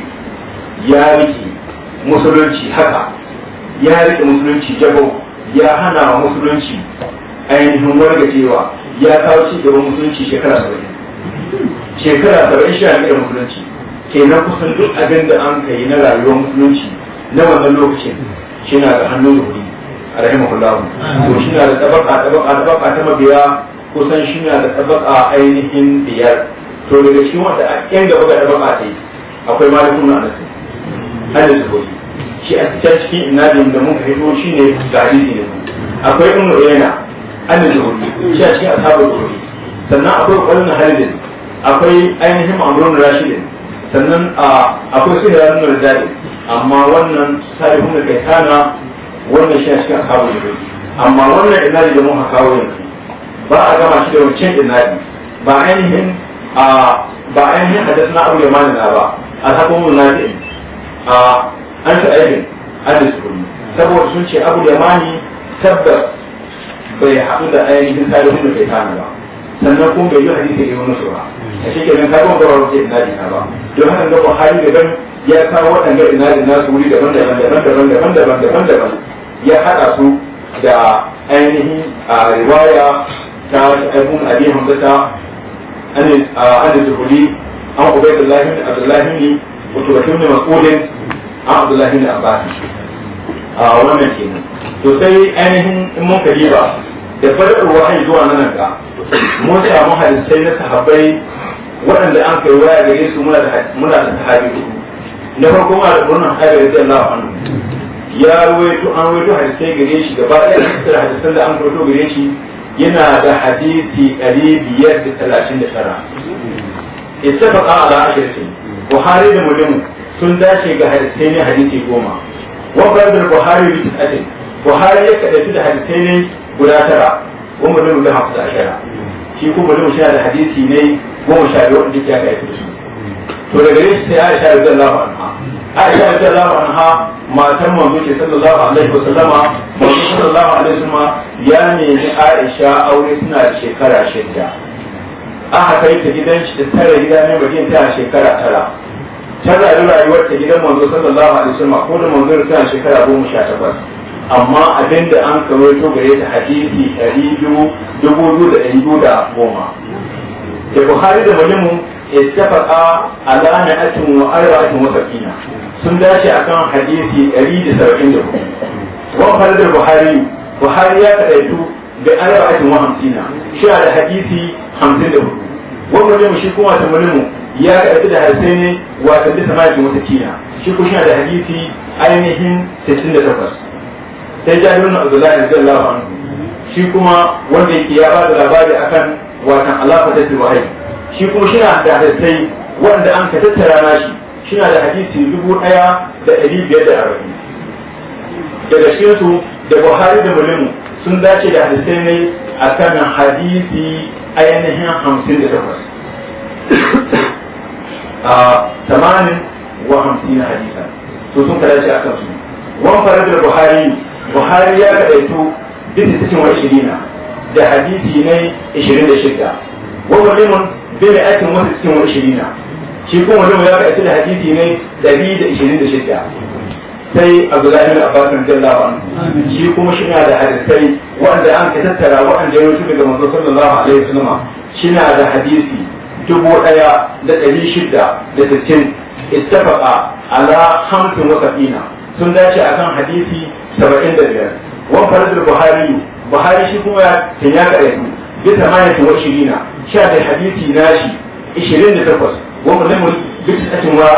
ya rike musulunci haka ya rike musulunci jabo ya hana wa musulunci ainihin wargajewa ya kawo ci gaban musulunci shekara saba'in shekara saba'in shi da musulunci kenan kusan duk abin da an kai na rayuwar musulunci na wannan lokacin shi na da hannun yahudi a rahimahullahu to shi na da tabaka tabaka tabaka ta mabiya kusan shi na da tabaka ainihin biyar to daga cikin wanda a kyan gaba ga tabaka ta yi akwai malikun na anasin hannun zuhuri shi a cikin cikin ina da mun fahimto shi ne ga hadisi ne akwai umar rena hannun zuhuri shi a cikin asabar zuhuri sannan akwai ƙwallon halidin akwai ainihin ma'amuran rashidin sannan ah, akwai sihirar da amma wannan sa'ibin da kai kana wannan shi a cikin kawo da bai amma wannan inari da muka kawo yanzu ba a gama shi da wancan inari ba ainihin a ba ainihin hadasna abu yamani na ba a na nafi'in a an ta aikin an saboda sun ce abu yamani tabbas bai haɗu da ainihin sa'ibin da kai kana ba sannan kun bai yi hadisi ne wani sura a shi kenan ka ban kwararru ce ina dina ba don haka ga buhari daban ya kawo waɗanda ina dina su wuri daban daban daban daban daban daban daban daban ya haɗa su da ainihin a riwaya ta abu abun abi hamzata an zuhuri an ubaidullahi bin abdullahi ne wato bakin da mas'ulin an abdullahi bin abbas a wannan kenan to sai ainihin in mun kadiba da farkon wahayi zuwa nan ga mun samu hadisai na sahabbai waɗanda an kai waya gare su muna da sahabi na farko ma da murnan sahabi radiyallahu anhu ya ruwaito an ruwaito hadisai gare shi gaba ɗaya da hadisan da an ruwaito gare shi yana da hadisi ɗari biyar da talatin da tara ittafaqa ala ashirati buhari da muslim sun dace ga hadisai ne hadisi goma wa da buhari bi tisatin buhari ya kadaci da hadisai ne guda tara goma da lulu a shara. shi kuma mu shi da hadisi ne goma sha biyu wanda ya kai su to daga gare shi sai aisha radiyallahu anha aisha radiyallahu anha matan manzo ce sallallahu alaihi wasallama manzo sallallahu alaihi wasallama ya nemi aisha aure suna da shekara shidda aka kai ta gidan shi da tare gida ne bakin ta shekara tara ta da rayuwar ta gidan manzo sallallahu alaihi wasallama ko da manzo tana shekara goma sha amma abin da an karoto ga yadda hadisi ɗari biyu dubu biyu da ɗari biyu da goma da buhari da mulimu ittafaqa ala na'atin wa arba'atin wa sakina sun dace akan hadisi ɗari da saba'in da hudu wa buhari da buhari buhari ya kaɗaitu da arba'atin wa hamsina shi da hadisi hamsin da hudu wa mulimu shi kuma ta mulimu ya kaɗaitu da harsai ne wa kalli samaji wa sakina shi kuma shi da hadisi ainihin 68 sai jabir bin abdullahi radiyallahu anhu shi kuma wanda yake ya bada labari akan watan alafa da wahai shi kuma shi na da hadisai wanda an ka tattara na shi shi na da hadisi dubu ɗaya da dari biyar da arba'in daga cikin su da buhari da mulimu sun dace da hadisai ne a kan hadisi ainihin hamsin da takwas a tamanin wa hamsin hadisa to sun ka dace kan su farar faradar buhari buhari ya kadaitu bin cikin wa ishirina da hadisi na ishirin da shida wa walimun bin aikin wasu cikin wa ishirina shi kuma walimun ya kadaitu da hadisi na dari da ishirin da shida sai abdullahi bin abbas radiyallahu anhu shi kuma shi da hadisai wanda an ka tattara wanda ya rutu daga manzo sallallahu alaihi wasallam shi na da hadisi dubu ɗaya da ɗari shida da sittin ittafaqa ala hamsin wa sabina sun dace akan hadisi saba'in da biyar wan faradul buhari buhari shi kuma ta ya karatu bi tamanin wa shirina sha da hadisi nashi 28 wa muslimun bi tsatin wa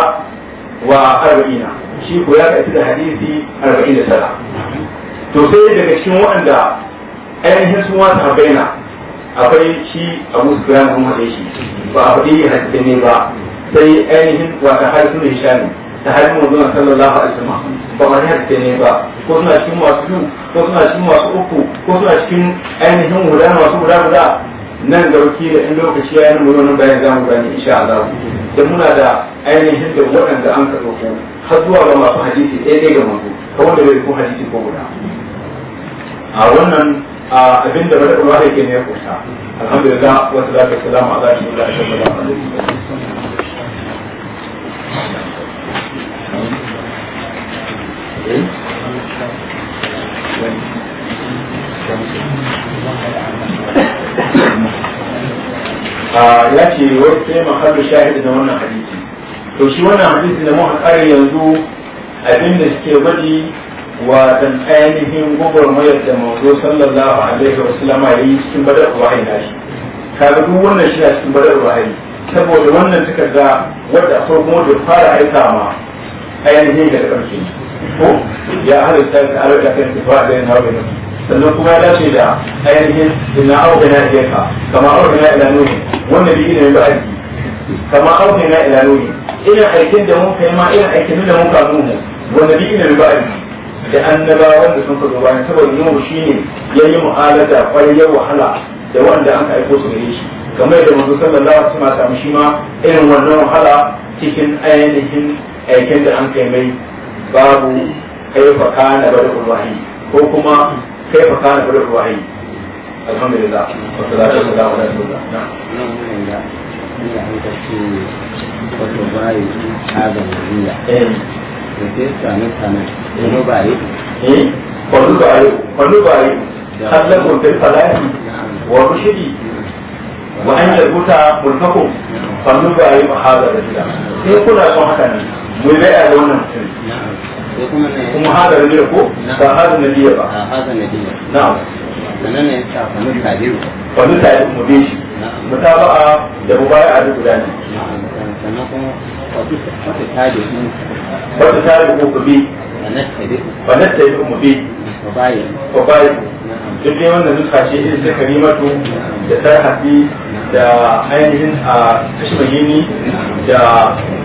wa arba'ina shi ko ya karatu da hadisi 47 to sai daga cikin waɗanda ainihin sun wata habaina akwai shi abu su kira muhammad shi ba a faɗi hadisin ne ba sai ainihin wata hadisin da shi da halin zuwa sallallahu alaihi wasallam ba ma ne ne ba ko suna cikin masu biyu ko suna cikin masu uku ko suna cikin ainihin guda masu guda guda nan da da in lokaci ya yi mu wannan bayan za mu gani insha Allah da muna da ainihin da waɗanda an ka ɗauko har zuwa ga masu hadisi ɗaya ɗaya ga manzo kamar wanda bai ko hadisi ko guda a wannan abin da bada ruwa yake ne ya kusa alhamdulillah wa za ka salama a zashi da aka Eh? Ah, ya ce wai sai mahallu shahid na wannan hadisi to shi wannan hadisi da muka kare yanzu abinda suke gwaji wa dan ainihin gwagwarmayar da mazo sallallahu alaihi wa sallama ya yi cikin badar wahayi na shi kaga duk wannan shi a cikin badar wahayi saboda wannan suka ga wadda farko da fara aika ma ainihin da ƙarshe ko ya halitta ka alaka kan tifa da yin hawa sannan kuma ya dace da ainihin ina auka na iya ka kama auka na ila nuni wannan bi ilimin ba'adi kama auka na ila nuni irin aikin da mun kai ma irin aikin da mun kamu mu wannan bi ilimin ba'adi da annabawan da sun kazo bayan saboda nuhu shine yayi mu'alata kwarai wahala da wanda an ka aiko su gare shi kamar yadda manzo sallallahu alaihi wasallam samu shi ma irin wannan wahala cikin ainihin aikin da an kai mai babu kaifa kana badul ruwahi ko kuma kaifa kana badul ruwahi alhamdulillah wa salatu wa salamu ala rasulillah na'am ma يثبت ملككم فلنبعي هذا الرجل. muyi bai a wannan mutum kuma hada da ko ba hada na biya ba hada na biya na'am sannan ne ta fanu tare fanu tare mu bi shi mutaba'a da mubaya'a da guda ne sannan kuma wato wata tare mu wata tare ko ku bi fanatta bi mu bi fabayi fabayi duk dai wannan nuska ce irin da karimatu da tarhafi da ainihin a kashmayini da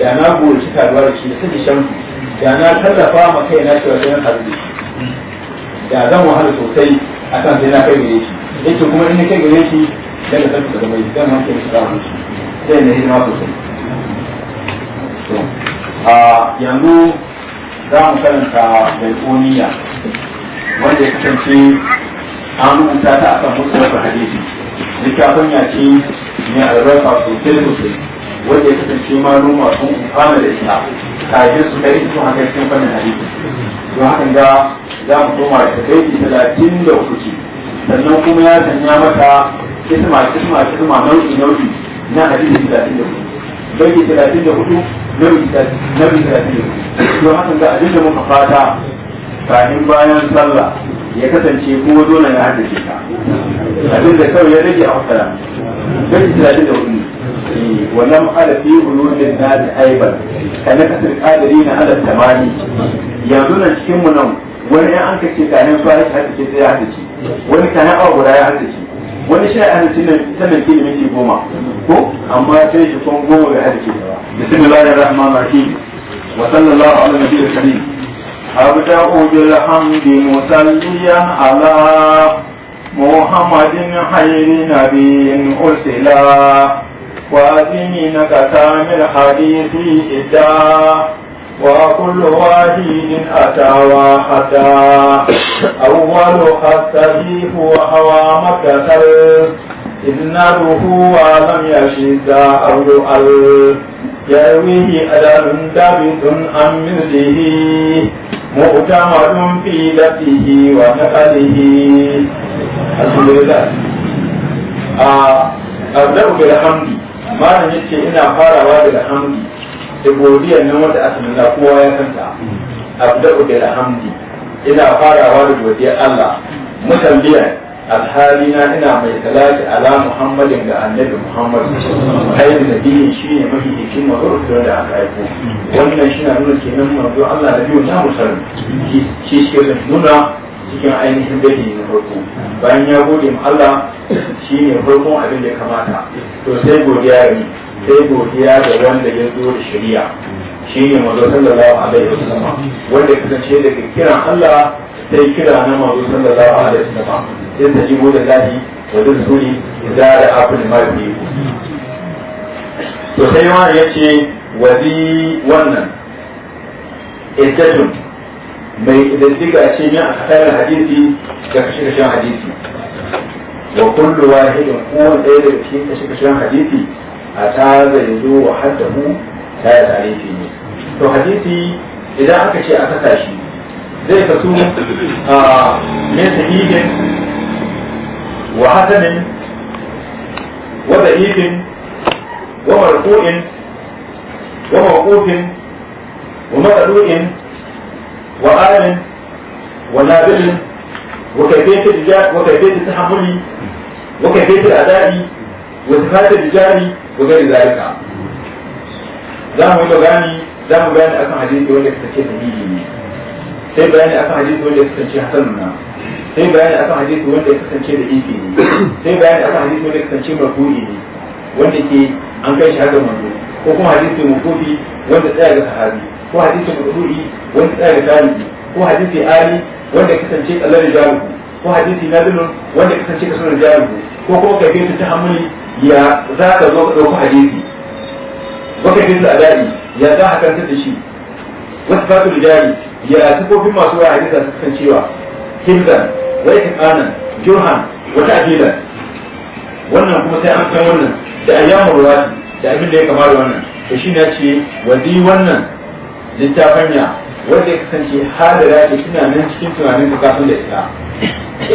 da na goyi karuwa da shi da suke shan da na tallafa ma kai na cewa sai na karu da shi da zan wahala sosai akan sai na kai gare shi yake kuma in kai gare shi daga sarki da mai zan wanke shi da shi sai na hidima sosai a yanzu za mu karanta dalƙoniya wanda ya kasance an rubuta ta akan musulunci hadisi littafin ya ce a albarka sosai sosai wanda ya kasance noma sun kwana da ita kafin su kai su haka cikin fannin hadisi don haka ga za mu koma da takaici talatin da uku ce sannan kuma ya sanya mata kisma kisma kisma nau'i nau'i na hadisi talatin da uku nau'i talatin da hudu nau'i talatin da hudu don haka ga abin da muka fata kafin bayan sallah ya kasance kuma dole na hada shi ka abin da kawai ya rage a wasala bai tilalin da wani eh, wa lam ala fi ululin nasi aiban na kasir qadiri na ala tamani yanzu nan cikin mu nan wani an ka ce kanin su hada hada ce sai hada ce wani na awa guda ya hada ce wani shi a hada ce nan sanan ke minti goma ko amma sai shi kon goma ga hada ce bismillahir rahmanir rahim wa sallallahu ala nabiyil karim أبدأ بالحمد مسليا على محمد خير نبي أرسلا وأدين كتام الحديث إدا وكل واحد أتى وحدا أول الصحيح وهوى مكة إن الرهو لم يشد أول يرويه أدل دابت عن مثله مؤتمر في لفه ونقله الحمد لله أبدأ بالحمد ما نجدش إنا فاروا بالحمد تقولي أن وانت أسمنا قوة يسنتا أبدأ بالحمد إنا فاروا بالوديع الله مسلمين alhalina ina mai salati ala muhammadin ga annabi muhammad ayin nabiyin shi ne mafi jikin mazurfi da aka aiko wannan shi na nuna kenan manzo allah da biyu na musulmi shi shi ke nuna cikin ainihin dadi na farko bayan ya gode ma allah shi ne farkon abin da ya kamata to sai godiya ne sai godiya ga wanda ya zo da shari'a shi ne mazo sallallahu alaihi wa wasallam wanda ya kasance daga kiran Allah sai kira na mazo sallallahu alaihi wa wasallam sai ta jibo da lahi da rasuli idza da akul marbi to sai ma yace wazi wannan iddatun mai idaddiga ce ne a kasar hadisi da kashe-kashen hadisi wa kullu wahidin kowane ɗaya daga cikin kashe-kashen hadisi a ta zai zo wa haddahu ta yi tarihi ne to hadisi idan aka ce aka tashi zai kasu a min sahihin wa hasanin wa da'ifin wa marfu'in wa mawqufin wa maqdu'in wa alamin wa nabilin وكيفية وكيفية التحمل وكيفية الأداء وصفات الرجال وغير ذلك za mu yi magani za mu bayani akan hadisi wanda kasance sahihi ne sai bayani akan hadisi wanda kasance hasanun na sai bayani akan hadisi wanda kasance da ifi ne sai bayani akan hadisi wanda kasance marfu'i ne wanda ke an kai shi haka manzo ko kuma hadisi mukufi wanda tsaya ga sahabi ko hadisi mukufi wanda tsaya ga tabi'i ko hadisi ali wanda kasance kallar jaruhu ko hadisi nazilun wanda kasance kasuwar jaruhu ko kuma kai ta hamuli ya za ka zo ka ɗauki hadisi wakafin tsadari ya za a kantar da shi wasu fatul jari ya sifofin masu waya hadisa su kan cewa himzan wa itqanan jurhan wa ta'dilan wannan kuma sai an san wannan da ayyamul ruwati da abin da ya kamar wannan to shi na ce wadi wannan littafanya wanda ya kasance har hadara ce suna nan cikin tunanin bukatun da ita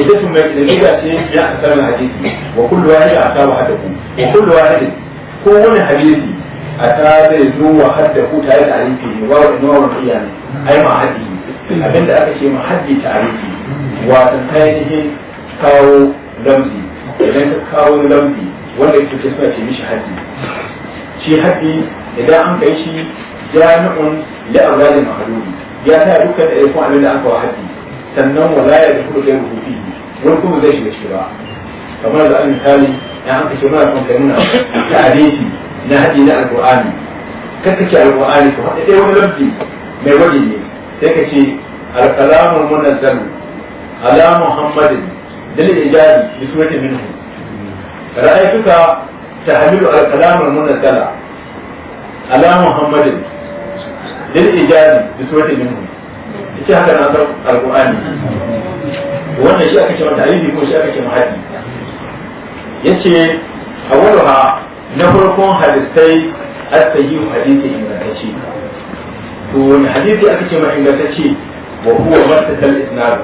idan su mai da ce ya a asar hadisi wa kullu wahid asaba hadaku wa kullu wahid ko wani hadisi Ata zai zo wa hadda ku tare da alifi ne wa wani wa wani iya ne ai ma haddi abinda aka ce ma haddi ta alifi wato ainihin kawo lamzi idan ka kawo lamzi wanda ita ce suna ce mishi haddi shi haddi idan an kai shi jami'un da aulali mahaluli ya ta dukkan da abin da aka wa haddi sannan wala ya dukkan da yakun wani kuma zai shiga shi ba kamar da an misali ya an kashe mara kan kai ta alifi na haɗi na alƙur'ani kaka ce alƙur'ani ko haɗe ɗaya wani lafi mai waje ne sai ka ce alƙalamun munazzalu ala muhammadin dal ijabi bi surati minhu ra'aytuka tahmilu alƙalamun munazzala ala muhammadin dal ijabi bi surati minhu ita haka na san alƙur'ani wannan shi aka ce mata alibi ko shi aka ce mahadi yace awwaluha na farkon halittai as-sahih hadisi ingantacce to wani hadisi aka ce mai ingantacce wa huwa muttasil isnad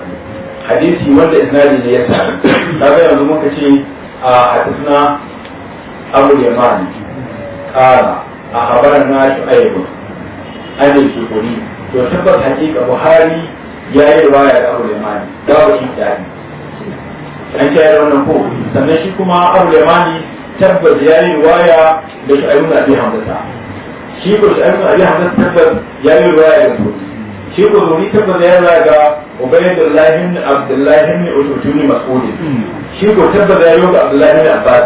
hadisi wanda isnadi ne ya samu kaga yanzu muka ce a hadisna Abu Yaman na akhbarana Shu'ayb an al-Bukhari to tabbas hakika Buhari ya yi riwaya da Abu Yaman babu shi dadi an ce da wannan ko sannan shi kuma Abu Yaman tabbas ya yi riwaya da shu'aib na abi hamdata shi ko shu'aib na abi hamdata tabbas ya yi riwaya da su shi ko zuri tabbas ya yi riwaya ga ubaydullah ibn abdullah ibn ututuni mas'ud shi ko tabbas ya yi ga abdullah ibn abbas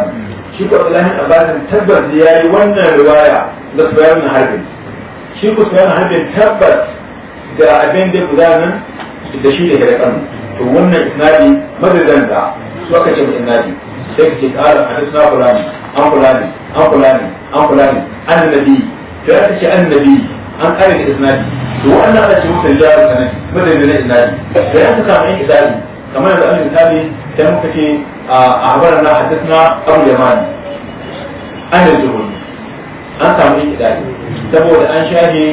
shi ko abdullah ibn abbas tabbas ya yi wannan riwaya da sufyan na harbin. shi ko na harbin tabbas da abin da gudanar da shi da hirkan to wannan isnadi madadanta su aka ce isnadi sai ka ce kara hadisna fulani an fulani an fulani an fulani annabi to ya an annabi an kare da isnadi to wannan ana ce mutum da sanadi madadin isnadi to ya suka mai isnadi kamar da an misali sai muka ce a habarna hadisna abu yamani an da zuhuri an samu isnadi saboda an shahe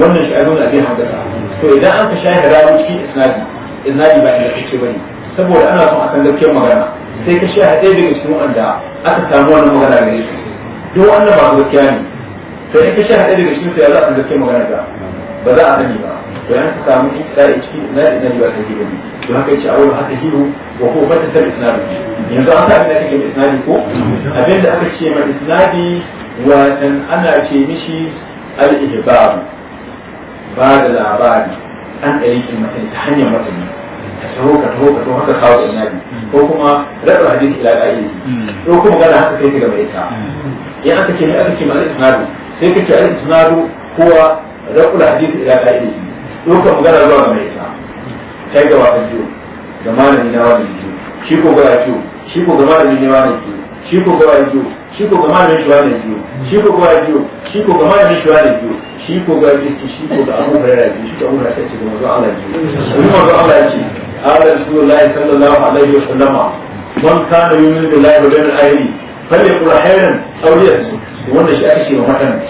wannan shi'arun abin hadasa to idan an ka shahe rawi cikin isnadi isnadi ba inda kace bane saboda ana son a san gaskiyar magana sai ka sha ɗaya daga cikin wanda aka samu wannan magana gare shi duk wannan ba gaskiya ne to in ka sha ɗaya daga cikin su ya za a gaskiya magana ta ba za a sani ba to yan ka samu in ka yi cikin na ina ba ta hiru to haka yace awai haka hiru wa ko fata sal isnadi yanzu an sami da kake isnadi ko abinda aka ce ma isnadi wa dan ana ce mishi al-ihbab ba da labari an ɗaya kin mutum ta hanyar mutum ka taho ka taho ka taho haka kawo inabi ko kuma rabu hadisi ila qa'idi ko kuma gana haka sai ka mai ita ya aka ce mai aka ce mai isnadu sai ka ce al isnadu huwa rabu hadisi ila qa'idi ko ka magana zuwa ga mai ita kai ga wata biyu ga malami na wani biyu shi ko ga biyu shi ko ga malami na wani biyu shi ko ga biyu shi ko ga malamin shi wani biyu shi ko ga biyu shi ko ga malamin shi wani biyu shi ko ga biyu shi ko ga abu da ya biyu shi ko ga abu da ya ce ga manzo Allah biyu manzo Allah ya قال رسول الله صلى الله عليه وسلم من كان يؤمن بالله واليوم الاخر فليقل خيرا او ليسكت وانا شيء اكشي ومكان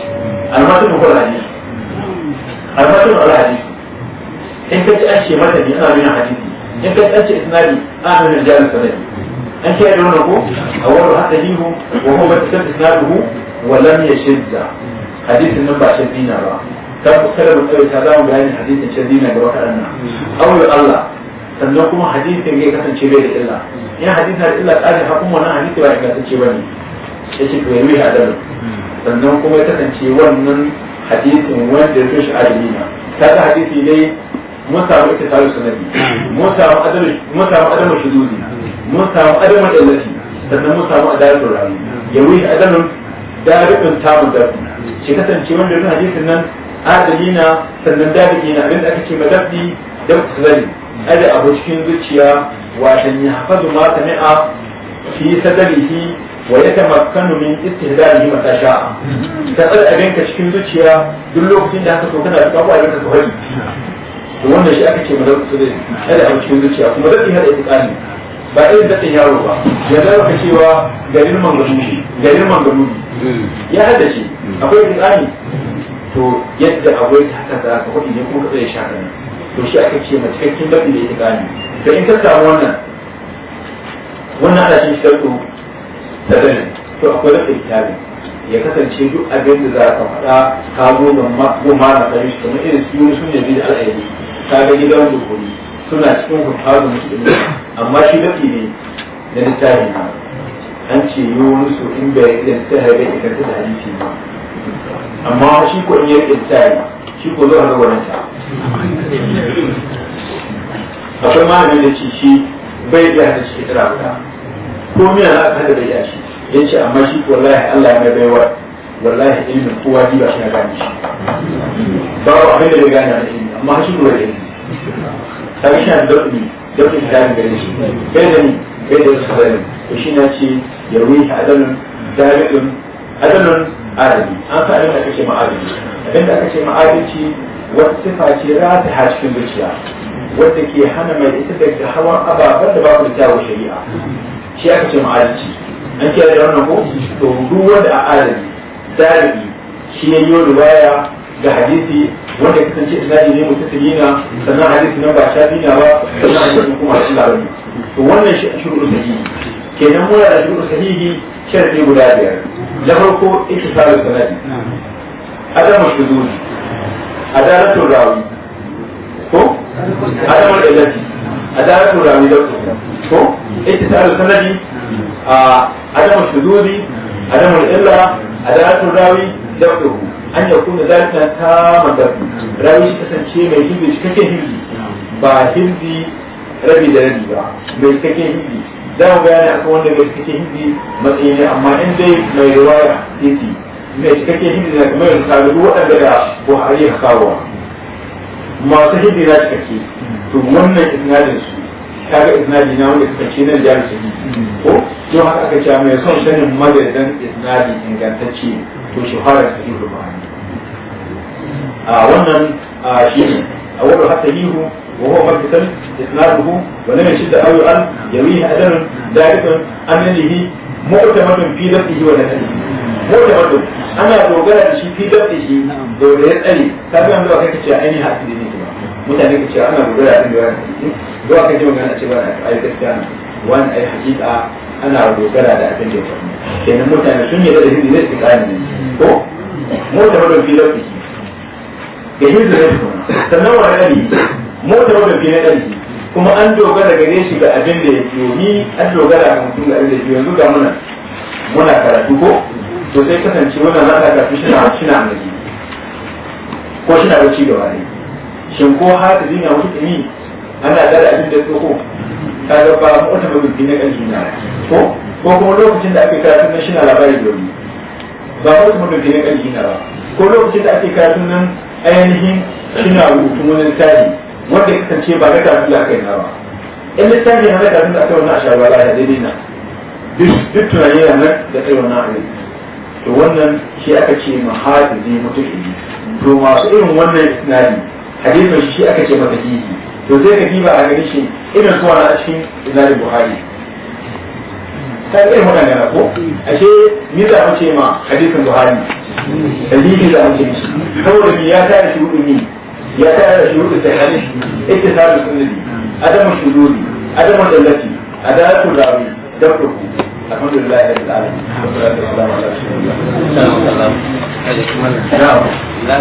المتن هو الحديث المتن على الحديث ان كنت اكشي متني انا من حديثي ان كنت اكشي اسنادي انا من رجال السنادي ان كان يقول اول حتى ليه وهو متسم اسناده ولم يشد حديث النبع شدينا بقى تبقى كلمة قوي تعالى وبهذه الحديث شدينا بقى أو الله sannan kuma hadisin ya kasance bai da illa in hadisi na da illa tsari hakun wannan hadisi ba ingantacce ba ne ya ce to ya ruhi adalu sannan kuma ya kasance wannan hadisin wanda ya shi adali na ta ga hadisi dai mun samu ita tsari sanadi mun samu adama mun samu adalu shududi mun samu adalu illati sannan mun samu adalu rawi ya ruhi adalu daribin tamu da shi kasance wanda ya hadisin nan adali na sannan dariki na abinda aka ce madabdi da mutsari kada abu cikin zuciya watan ya hafazu ma sami'a fi sadarihi wa ya tamakkanu min istihdarihi mata sha'a ka tsara abinka cikin zuciya duk lokacin da haka so kana da kawo abinka ka hari to wannan shi aka ce mu zama su da kada abu cikin zuciya kuma zai hada itikani ba irin daɗin yaro ba ya zama ka cewa garin manganubi garin manganubi ya hada shi akwai itikani to yadda abu ya ta haka za ka kuɗi ne kuma ka tsaye shaka ne to shi aka ce ma cikakken baɗi da itikani da in ka samu wannan wannan ana shi ta sadari to akwai da itikani ya kasance duk abin da za ka faɗa ka goma goma na ɗari shi kamar irin su sun yabi da al'ayyari ka ga gidan rukuni suna cikin hukumar musulmi amma shi baɗi ne na littafi na an ce yi wani su in bai irin ta haibai ikarta da hadisi ba amma shi ko in yi littafi shi ko zai hana wannan ta akwai malamin da ce shi bai iya hada shi kira guda ko za hada bai iya shi ya ce amma shi wallahi Allah ya mai baiwa wallahi ilimin kowa ji ba shi na gane shi ba wa abin da bai gane na ilimi amma shi lura da ilimi kaga shi na da dauki dauki da gare shi bai da ni bai da su da ni shi na ce ya ruhi adalun dalilun adalun arabi an sa abin da aka ce abin da aka ce wata sifa ce rata ha cikin zuciya wadda ke hana mai ita daga hawan ababen da babu kyawun shari'a shi aka ce ma an kira da wannan ko to duk wanda a arabi dalibi shi ne yi riwaya ga hadisi wanda ya kasance ina ne mutasili na sannan hadisi nan ba shafi na ba sannan hadisi kuma shi labari to wannan shi a shirin kenan muna da duk sahihi sharadi guda biyar da farko ittisalus sanadi adam shudud adalatu rawi ko adam al-illati adalatu rawi da ko ittisalus sanadi adam shudud adam al-illa adalatu rawi da ko an kuma zalika ta da rawi kasance mai hindi kake hindi ba hindi rabi da rabi ba mai kake hindi da mu bayani akan wanda bai cike hindi matsayi ne amma in dai mai riwaya yace mai cikakken hindi da kamar yadda sabu waɗanda da Buhari ya kawo masu hindi na cikakke to wannan isnadin su kaga isnadi na wanda ce nan da shi ko to haka aka ce mai son sanin madadin isnadi ingantacce to shi fara sahihul ba. a wannan shi ne أولها سليه وهو مركز إسناده ولم يشد أو يعل يرويه أدم ذلك أمنه مؤتمر في نفسه ونفسه مؤتمر أنا دوغالا شيء في نفسه دوغالا يسألي كابي أن دوغالا كتشي عيني هاتي ديني كما mutane ka ce ana dogara abin da wani zuwa ka ji magana ce ba a yi gaskiya wani a yi hakika ana dogara da abin da ya faru kenan mutane sun yi da hindi ne su kani ko mota madon filar da ga hizbin rasu sannan wa mota wanda fi na kuma an dogara gare shi ga abin da ya yi an dogara ga mutum ga abin da ya yanzu ga muna muna karatu ko to sai kasance wannan za ka karfi shi na shi na amfani ko shi na wuce gaba ne shin ko haka zina wuce ni ana gara abin da tsoko ga ba mota ba bi na ƙarfi na ko ko kuma lokacin da ake karatu na shi na labari domin ba mota ba bi na na ba ko lokacin da ake karatu nan ainihin suna rubutu wani littafi wanda ya kasance ba ga tafi ya kai nawa in littafi na karatu da a yi wannan a shawara ya daidai na duk tunani na nan da tsaye a abin to wannan shi aka ce mahadizi mutuki to masu irin wannan isnadi hadisin shi aka ce mata gizi to sai ka ba a gani shi irin suwa na cikin isnadi buhari ta irin wannan ko ashe ni za mu ce ma hadisin buhari dalili da muke ci saboda ya tare shi hudu ne ya tare da shi hudu sai hadis ittisalu sunnati adamu shuduri adamu dallati adalatu rawi dabru alhamdulillah rabbil alamin wassalatu wassalamu ala rasulillah sallallahu alaihi wa sallam ba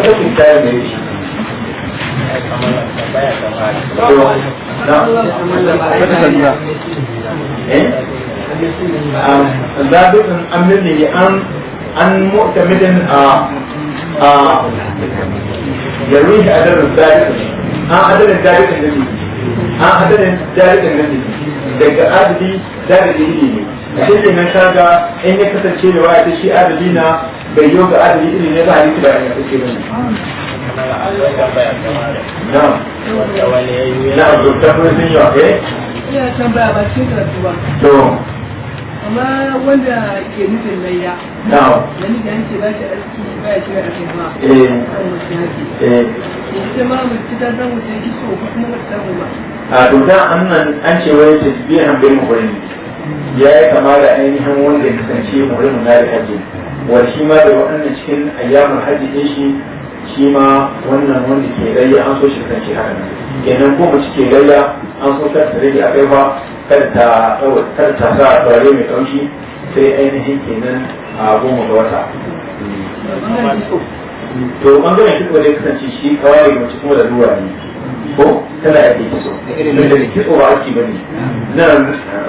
ga ba da gari shi zaɓin amin ne an mota mutum a yaro da adadin zaɓin an adadin zaɓin gani an adadin zaɓin gani daga adadi zaɓin gani ne ashe nan kaga in ya kasance da waya ta shi adali na bai yi ga adali iri ne ba halittu da ya kace ba na'am na'am dokta ko sun yi wa eh? ina tambaya ba cikin kasuwa to amma wanda ke nufin layya da nufi an ce ba shi arziki ba ya shirya ake ma kan wasu yaki ita ma mace ta zama ta yi ko kuma ba ta zama ba a to an nan an ce wani tasbihan bai mu ne ya yi kama da ainihin wanda ya kasance murin na da hajji wa shi ma da waɗannan cikin ayyamar hajji ɗin shi shi ma wannan wanda ke layya an so shi kasance haka kenan ko mace ke layya an so kar ta rage a kai ba kar ta sa tsare mai ƙamshi sai ainihin kenan a goma ga wata to an ɓangaren shi kuma da kasance shi kawai mace kuma da ruwa ne ko tana ya ke kiso mai da kitso ba aiki ne. na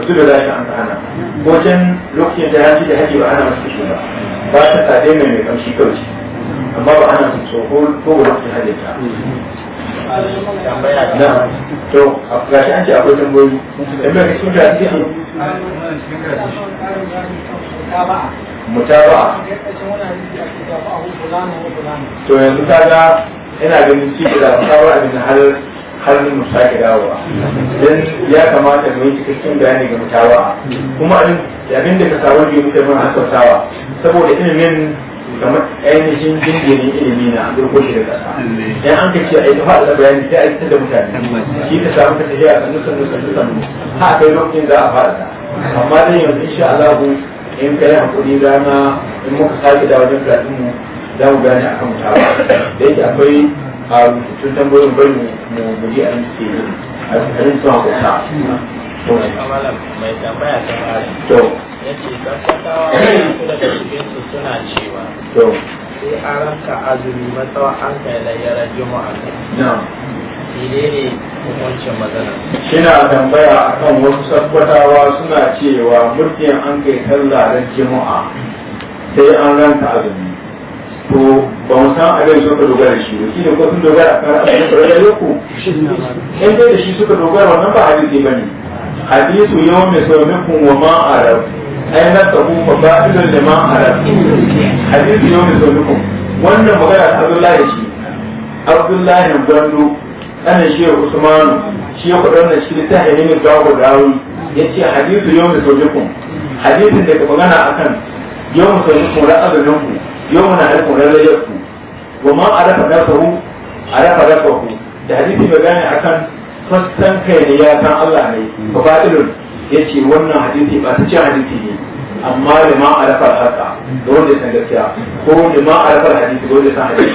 zuba da shi an hana wajen lokacin da yanci ci da haji ba ana masu kiso ba ba ta tsade mai mai kamshi kawai. amma ba ana su so ko ko lokacin hajji ta na to ga shi an ce akwai tambayoyi in ba ka cikin karatu ne mutaba'a to yanzu kaga ina ganin ci da sabon abin har har mu sake dawowa dan ya kamata mu yi cikakken bayani ga mutawa kuma abin da ka sabo biyu da mun hasautawa saboda ilimin kamar ainihin jinjiri ilimi na an shi da kasa yan an kace ai ta faɗa bayani sai a yi da mutane shi ta samu ta tafiya sannu sannu sannu sannu ha kai lokacin za a faɗa amma dai yanzu insha Allah in kai hakuri rana in muka sake da wajen platin mu za mu gane akan mutawa da yake akwai a cikin tambayoyin bari mu guri a nan ke a kuma suna kusa mai tambaya ta fara to yace gaskatawa wasu daga cikin su suna cewa to sai an ranka azumi matsawa an kai layyarar juma'a na menene hukuncin magana shina tambaya akan wasu sabbatawa suna cewa murtiyan an kai sallah da juma'a sai an ranka azumi to ba mu san abin suka dogara shi ba shine ko sun dogara kan abin da ya yoku in dai da shi suka dogara wannan ba hadisi bane hadisu yawmi sawmikum wa ma arab ay nasabu fa ba'idun lima arab hadisu yawmi sawmikum wannan magana ta Abdullahi shi Abdullahi Gwandu ana shi Usman shi ya kudin da shi ta hayyin da dawo dawo yace hadisu yawmi sawmikum hadisin da magana akan yawmi sawmikum ra'adun ku yau muna da kuma rarrayar ku wa ma a dafa dafahu a dafa dafahu da hadisi mai gane akan fassan kai ne ya san Allah ne ba fa'ilun ya ce wannan hadisi ba ta ce hadisi ne amma da ma a dafa haka da wanda ya san gaskiya ko da ma a dafa hadisi da wanda ya san hadisi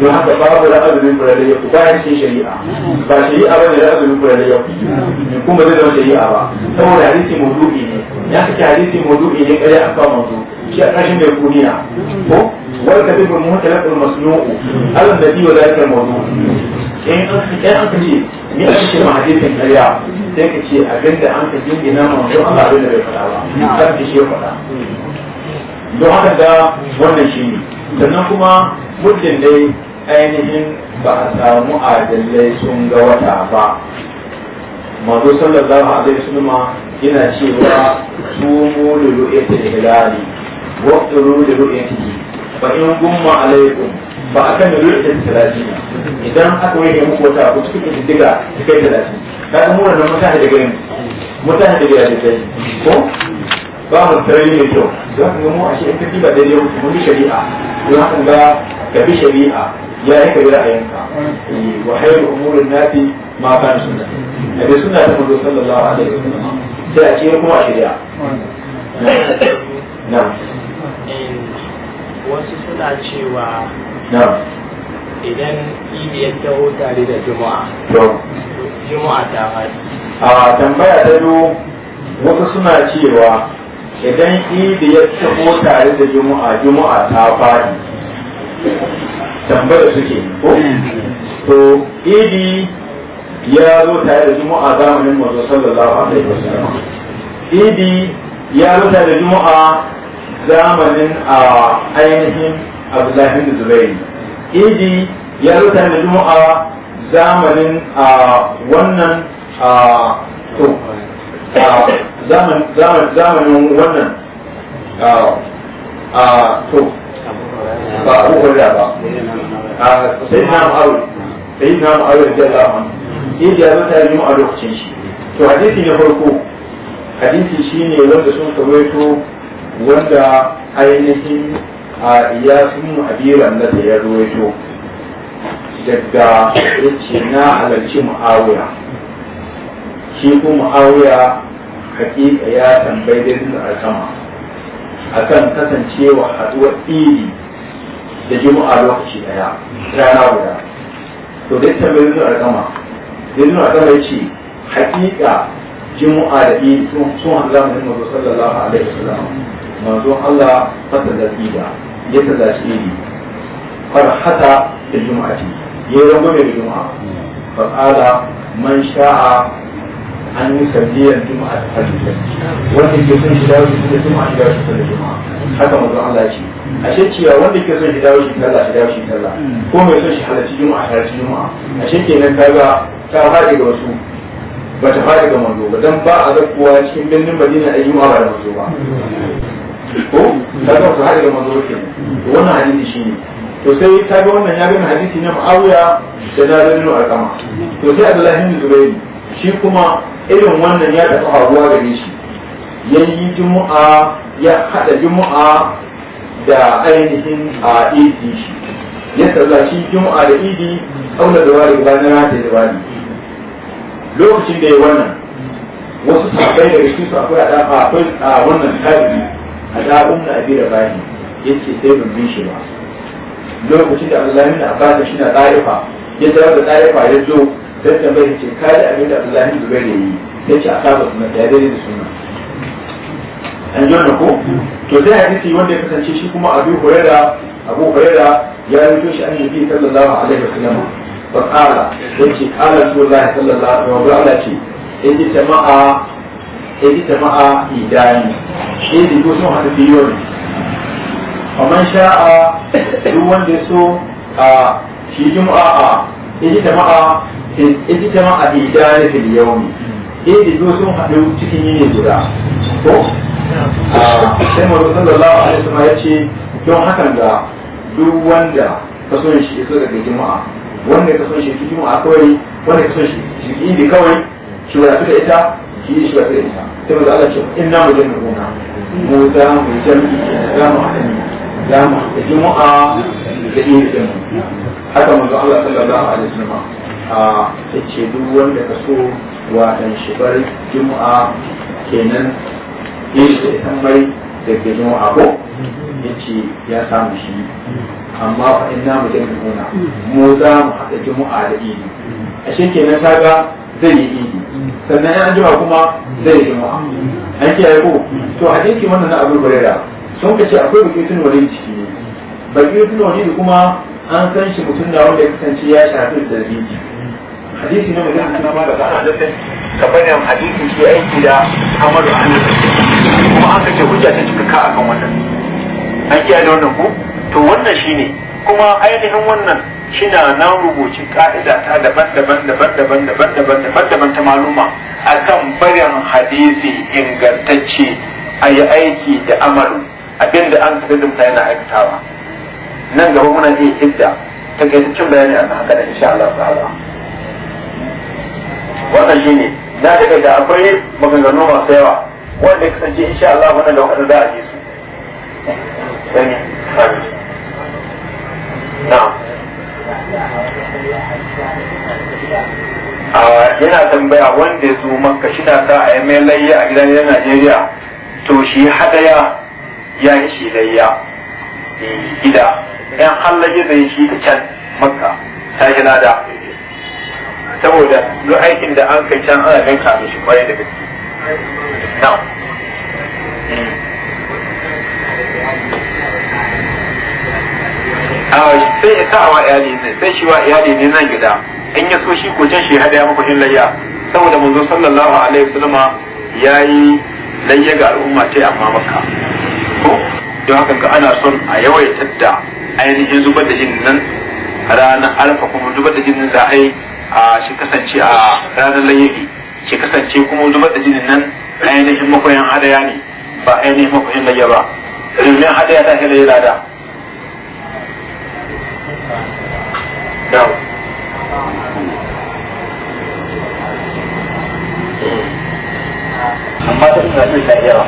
don haka babu da azumin kurare ku bayan shi shari'a ba shari'a ba ne da azumin kurare yau kuma zai zama shari'a ba saboda hadisi maudu'i ne ya kace hadisi maudu'i ne kare a kan maudu'i shi a kashin da kuniya ko wal kadibul muhtalaq al masnu'u al nabi wa zalika al mawdu in an ce an ce ni an ce mahadisin ƙarya sai ka ce abinda an ka jingina ma mutum Allah abinda bai faɗa ba kan ki shi faɗa don da wannan shi sannan kuma muddin dai ainihin ba samu sun ga wata ba mazo sallallahu alaihi wasallam yana cewa su mu waɗuru da ru'yatihi fa in gumma alaikum ba a kan ru'yatihi talatin idan aka waye muku wata ku cikin diddiga kai talatin kaga mu nan mutane da garin mutane da garin sai ko ba mu tare ne to za ka mu ashe in kaci ba da yau mu bi shari'a don haka ga ka bi shari'a ya yi kabila a yanka ma ta manzo sallallahu alaihi sai a ce kuma a shari'a wasu suna cewa idan idi ya taho tare da juma'a juma'a ta faɗi a tambaya ta biyu wasu suna cewa idan idi ya taho tare da juma'a juma'a ta faɗi tambaya suke ko to idi ya zo tare da juma'a zamanin mazo sallallahu alaihi wasallam idi ya zo tare da juma'a zamanin a ainihin abdullahi bin zubairi idi ya rubuta da juma'a zamanin a wannan a to zamanin wannan a to ba abu da ba a sai na ma'aru sai na ma'aru da jalla idi ya rubuta da juma'a lokacin shi to hadisi na farko hadisi ne wanda sun kawaito wanda ainihin a ya sun abiran da ya ruwaito daga ya ce na halarci mu'awiya shi ko mu'awiya hakika ya tambayi da alkama akan kasancewa haduwar idi da juma'a lokaci daya rana guda to dai tambayi da alkama da nuna alkama ya ce hakika juma'a da idi sun hanzu zamanin mazu sallallahu alaihi wasallam manzo Allah fata da tsida ya ta zace ni farhata da ce, ya yi rabu da juma'a fa'ala man sha'a an yi sardiyar juma'a ta halittar wanda ke son shi dawo shi da juma'a shi dawo shi da juma'a haka manzon Allah ce a ce cewa wanda ke son shi dawo shi kalla shi dawo shi kalla ko mai son shi halarci juma'a halarci juma'a a ce kenan kaga ta faɗi ga wasu ba ta fara ga manzo ba don ba a zakkuwa cikin birnin Madina ayyuma ba da manzo ba ko da ba su hari da manzo ke wannan hadisi shine to sai ta ga wannan ya gani hadisi na Muawiya da Jarir bin Arqama to sai Abdullahi bin Zubair shi kuma irin wannan ya tafi faruwa gare shi yayi Juma'a ya hada Juma'a da ainihin a idi shi ya shi Juma'a da idi aula da wari bayan rata da wari lokacin da ya wannan wasu sahabbai daga cikin su akwai a wannan tabi'i a na da abi da bani yace sai ban bin shi ba lokacin da Allah min Abbas shi na ɗarifa ya tarar da ɗarifa ya zo sai tambaye ce ka da abin da Allah min Zubair ya yi sai a saba suna ta dare da sunan. an jona ko to sai hadisi wanda ya kasance shi kuma abu hurairah abu hurairah ya rubuto shi an yi sallallahu alaihi wasallam fa qala yace qala rasulullahi sallallahu alaihi wasallam ce in jama'a اجتمع إيدان إذ يكون هذا في يوم ومن شاء دون دسو في جمعة اجتمع اجتمع إيدان في اليوم في يوم sai mu sallallahu alaihi wasallam ya ce don hakan da duk wanda ka so shi iso daga juma'a wanda ka son shi juma'a kawai wanda ka so shi shi idi kawai shi wadatu da ita shi shi ba isa sai maza Allah ce in inna mu jin nuna mu za mu jami'i za mu haɗa za mu haɗa juma'a da iya jin haka maza Allah sallallahu alaihi wasallam a ce duk wanda ka so wa dan shigar juma'a kenan yin shi da mai da ke juma'a ko yace ya samu shi amma fa na mu jin nuna mu za mu haɗa juma'a da iya a shi kenan kaga zai yi idi sannan 'yan jima kuma zai jima an kiyaye ko to hadisi wannan na abu hurairah sun ka ce akwai bakitun wani ciki ne bakitun wani kuma an san shi mutum na wanda ya kasance ya shafi da zalimi hadisi ne mutum na ma da kana da ka bari am hadisi shi aiki da amaru an kuma an kace hujja ta cika ka akan wannan an kiyaye wannan ko to wannan shine kuma ainihin wannan shina nan rubuci ka'ida ta daban-daban daban-daban daban-daban daban-daban ta maluma akan barin hadisi ingantacce a yi aiki da amalu abinda an kadinta yana aikatawa nan gaba muna iya hidda ta gaitaccen bayani akan haka da insha Allah ta'ala wannan shine na daga da akwai maganganu masu yawa wanda kasance insha Allah wannan da wanda za a ji su Na'am. yana tambaya wanda ya zo makka shi na sa a yi mai layya a gidan yan najeriya to shi hadaya ya yi shi layya eh, gida yan halaye zai shi can makka ta yi lada saboda duk aikin da an kai can ana ganka shi kwarai da gaske sai ya sa wa iyali ne sai shi wa iyali ne nan gida in ya so shi ko can shi hada ya muku hin layya saboda manzo sallallahu alaihi wasallama yayi layya ga al'umma ta amma makka ko don haka ga ana son a yawaita da ainihin zubar da jinin nan ranar alfa kuma zubar da jinin za a a shi kasance a ranar layyafi shi kasance kuma zubar da jinin nan ainihin makoyan hadaya ne ba ainihin makoyan layya ba. Rilmin hadaya ta hila yi lada. amma ta ina jin da yawa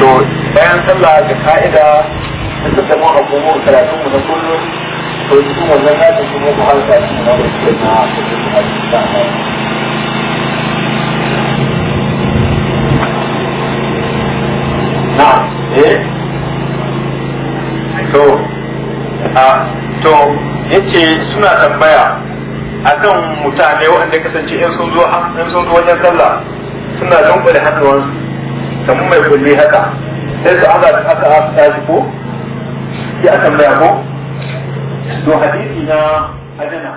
to bayan sallah da ka'ida da ta mun abubuwan karatun mu na kullum to cikin wannan nasu kuma ku halka Eh? to a to yace suna tambaya akan mutane waɗanda kasance in sun zo in sun zo wajen sallah suna dunkule hannuwansu kamar mai kulli haka sai su aka aka aka shi ko ya tambaya ko to hadisi na ajana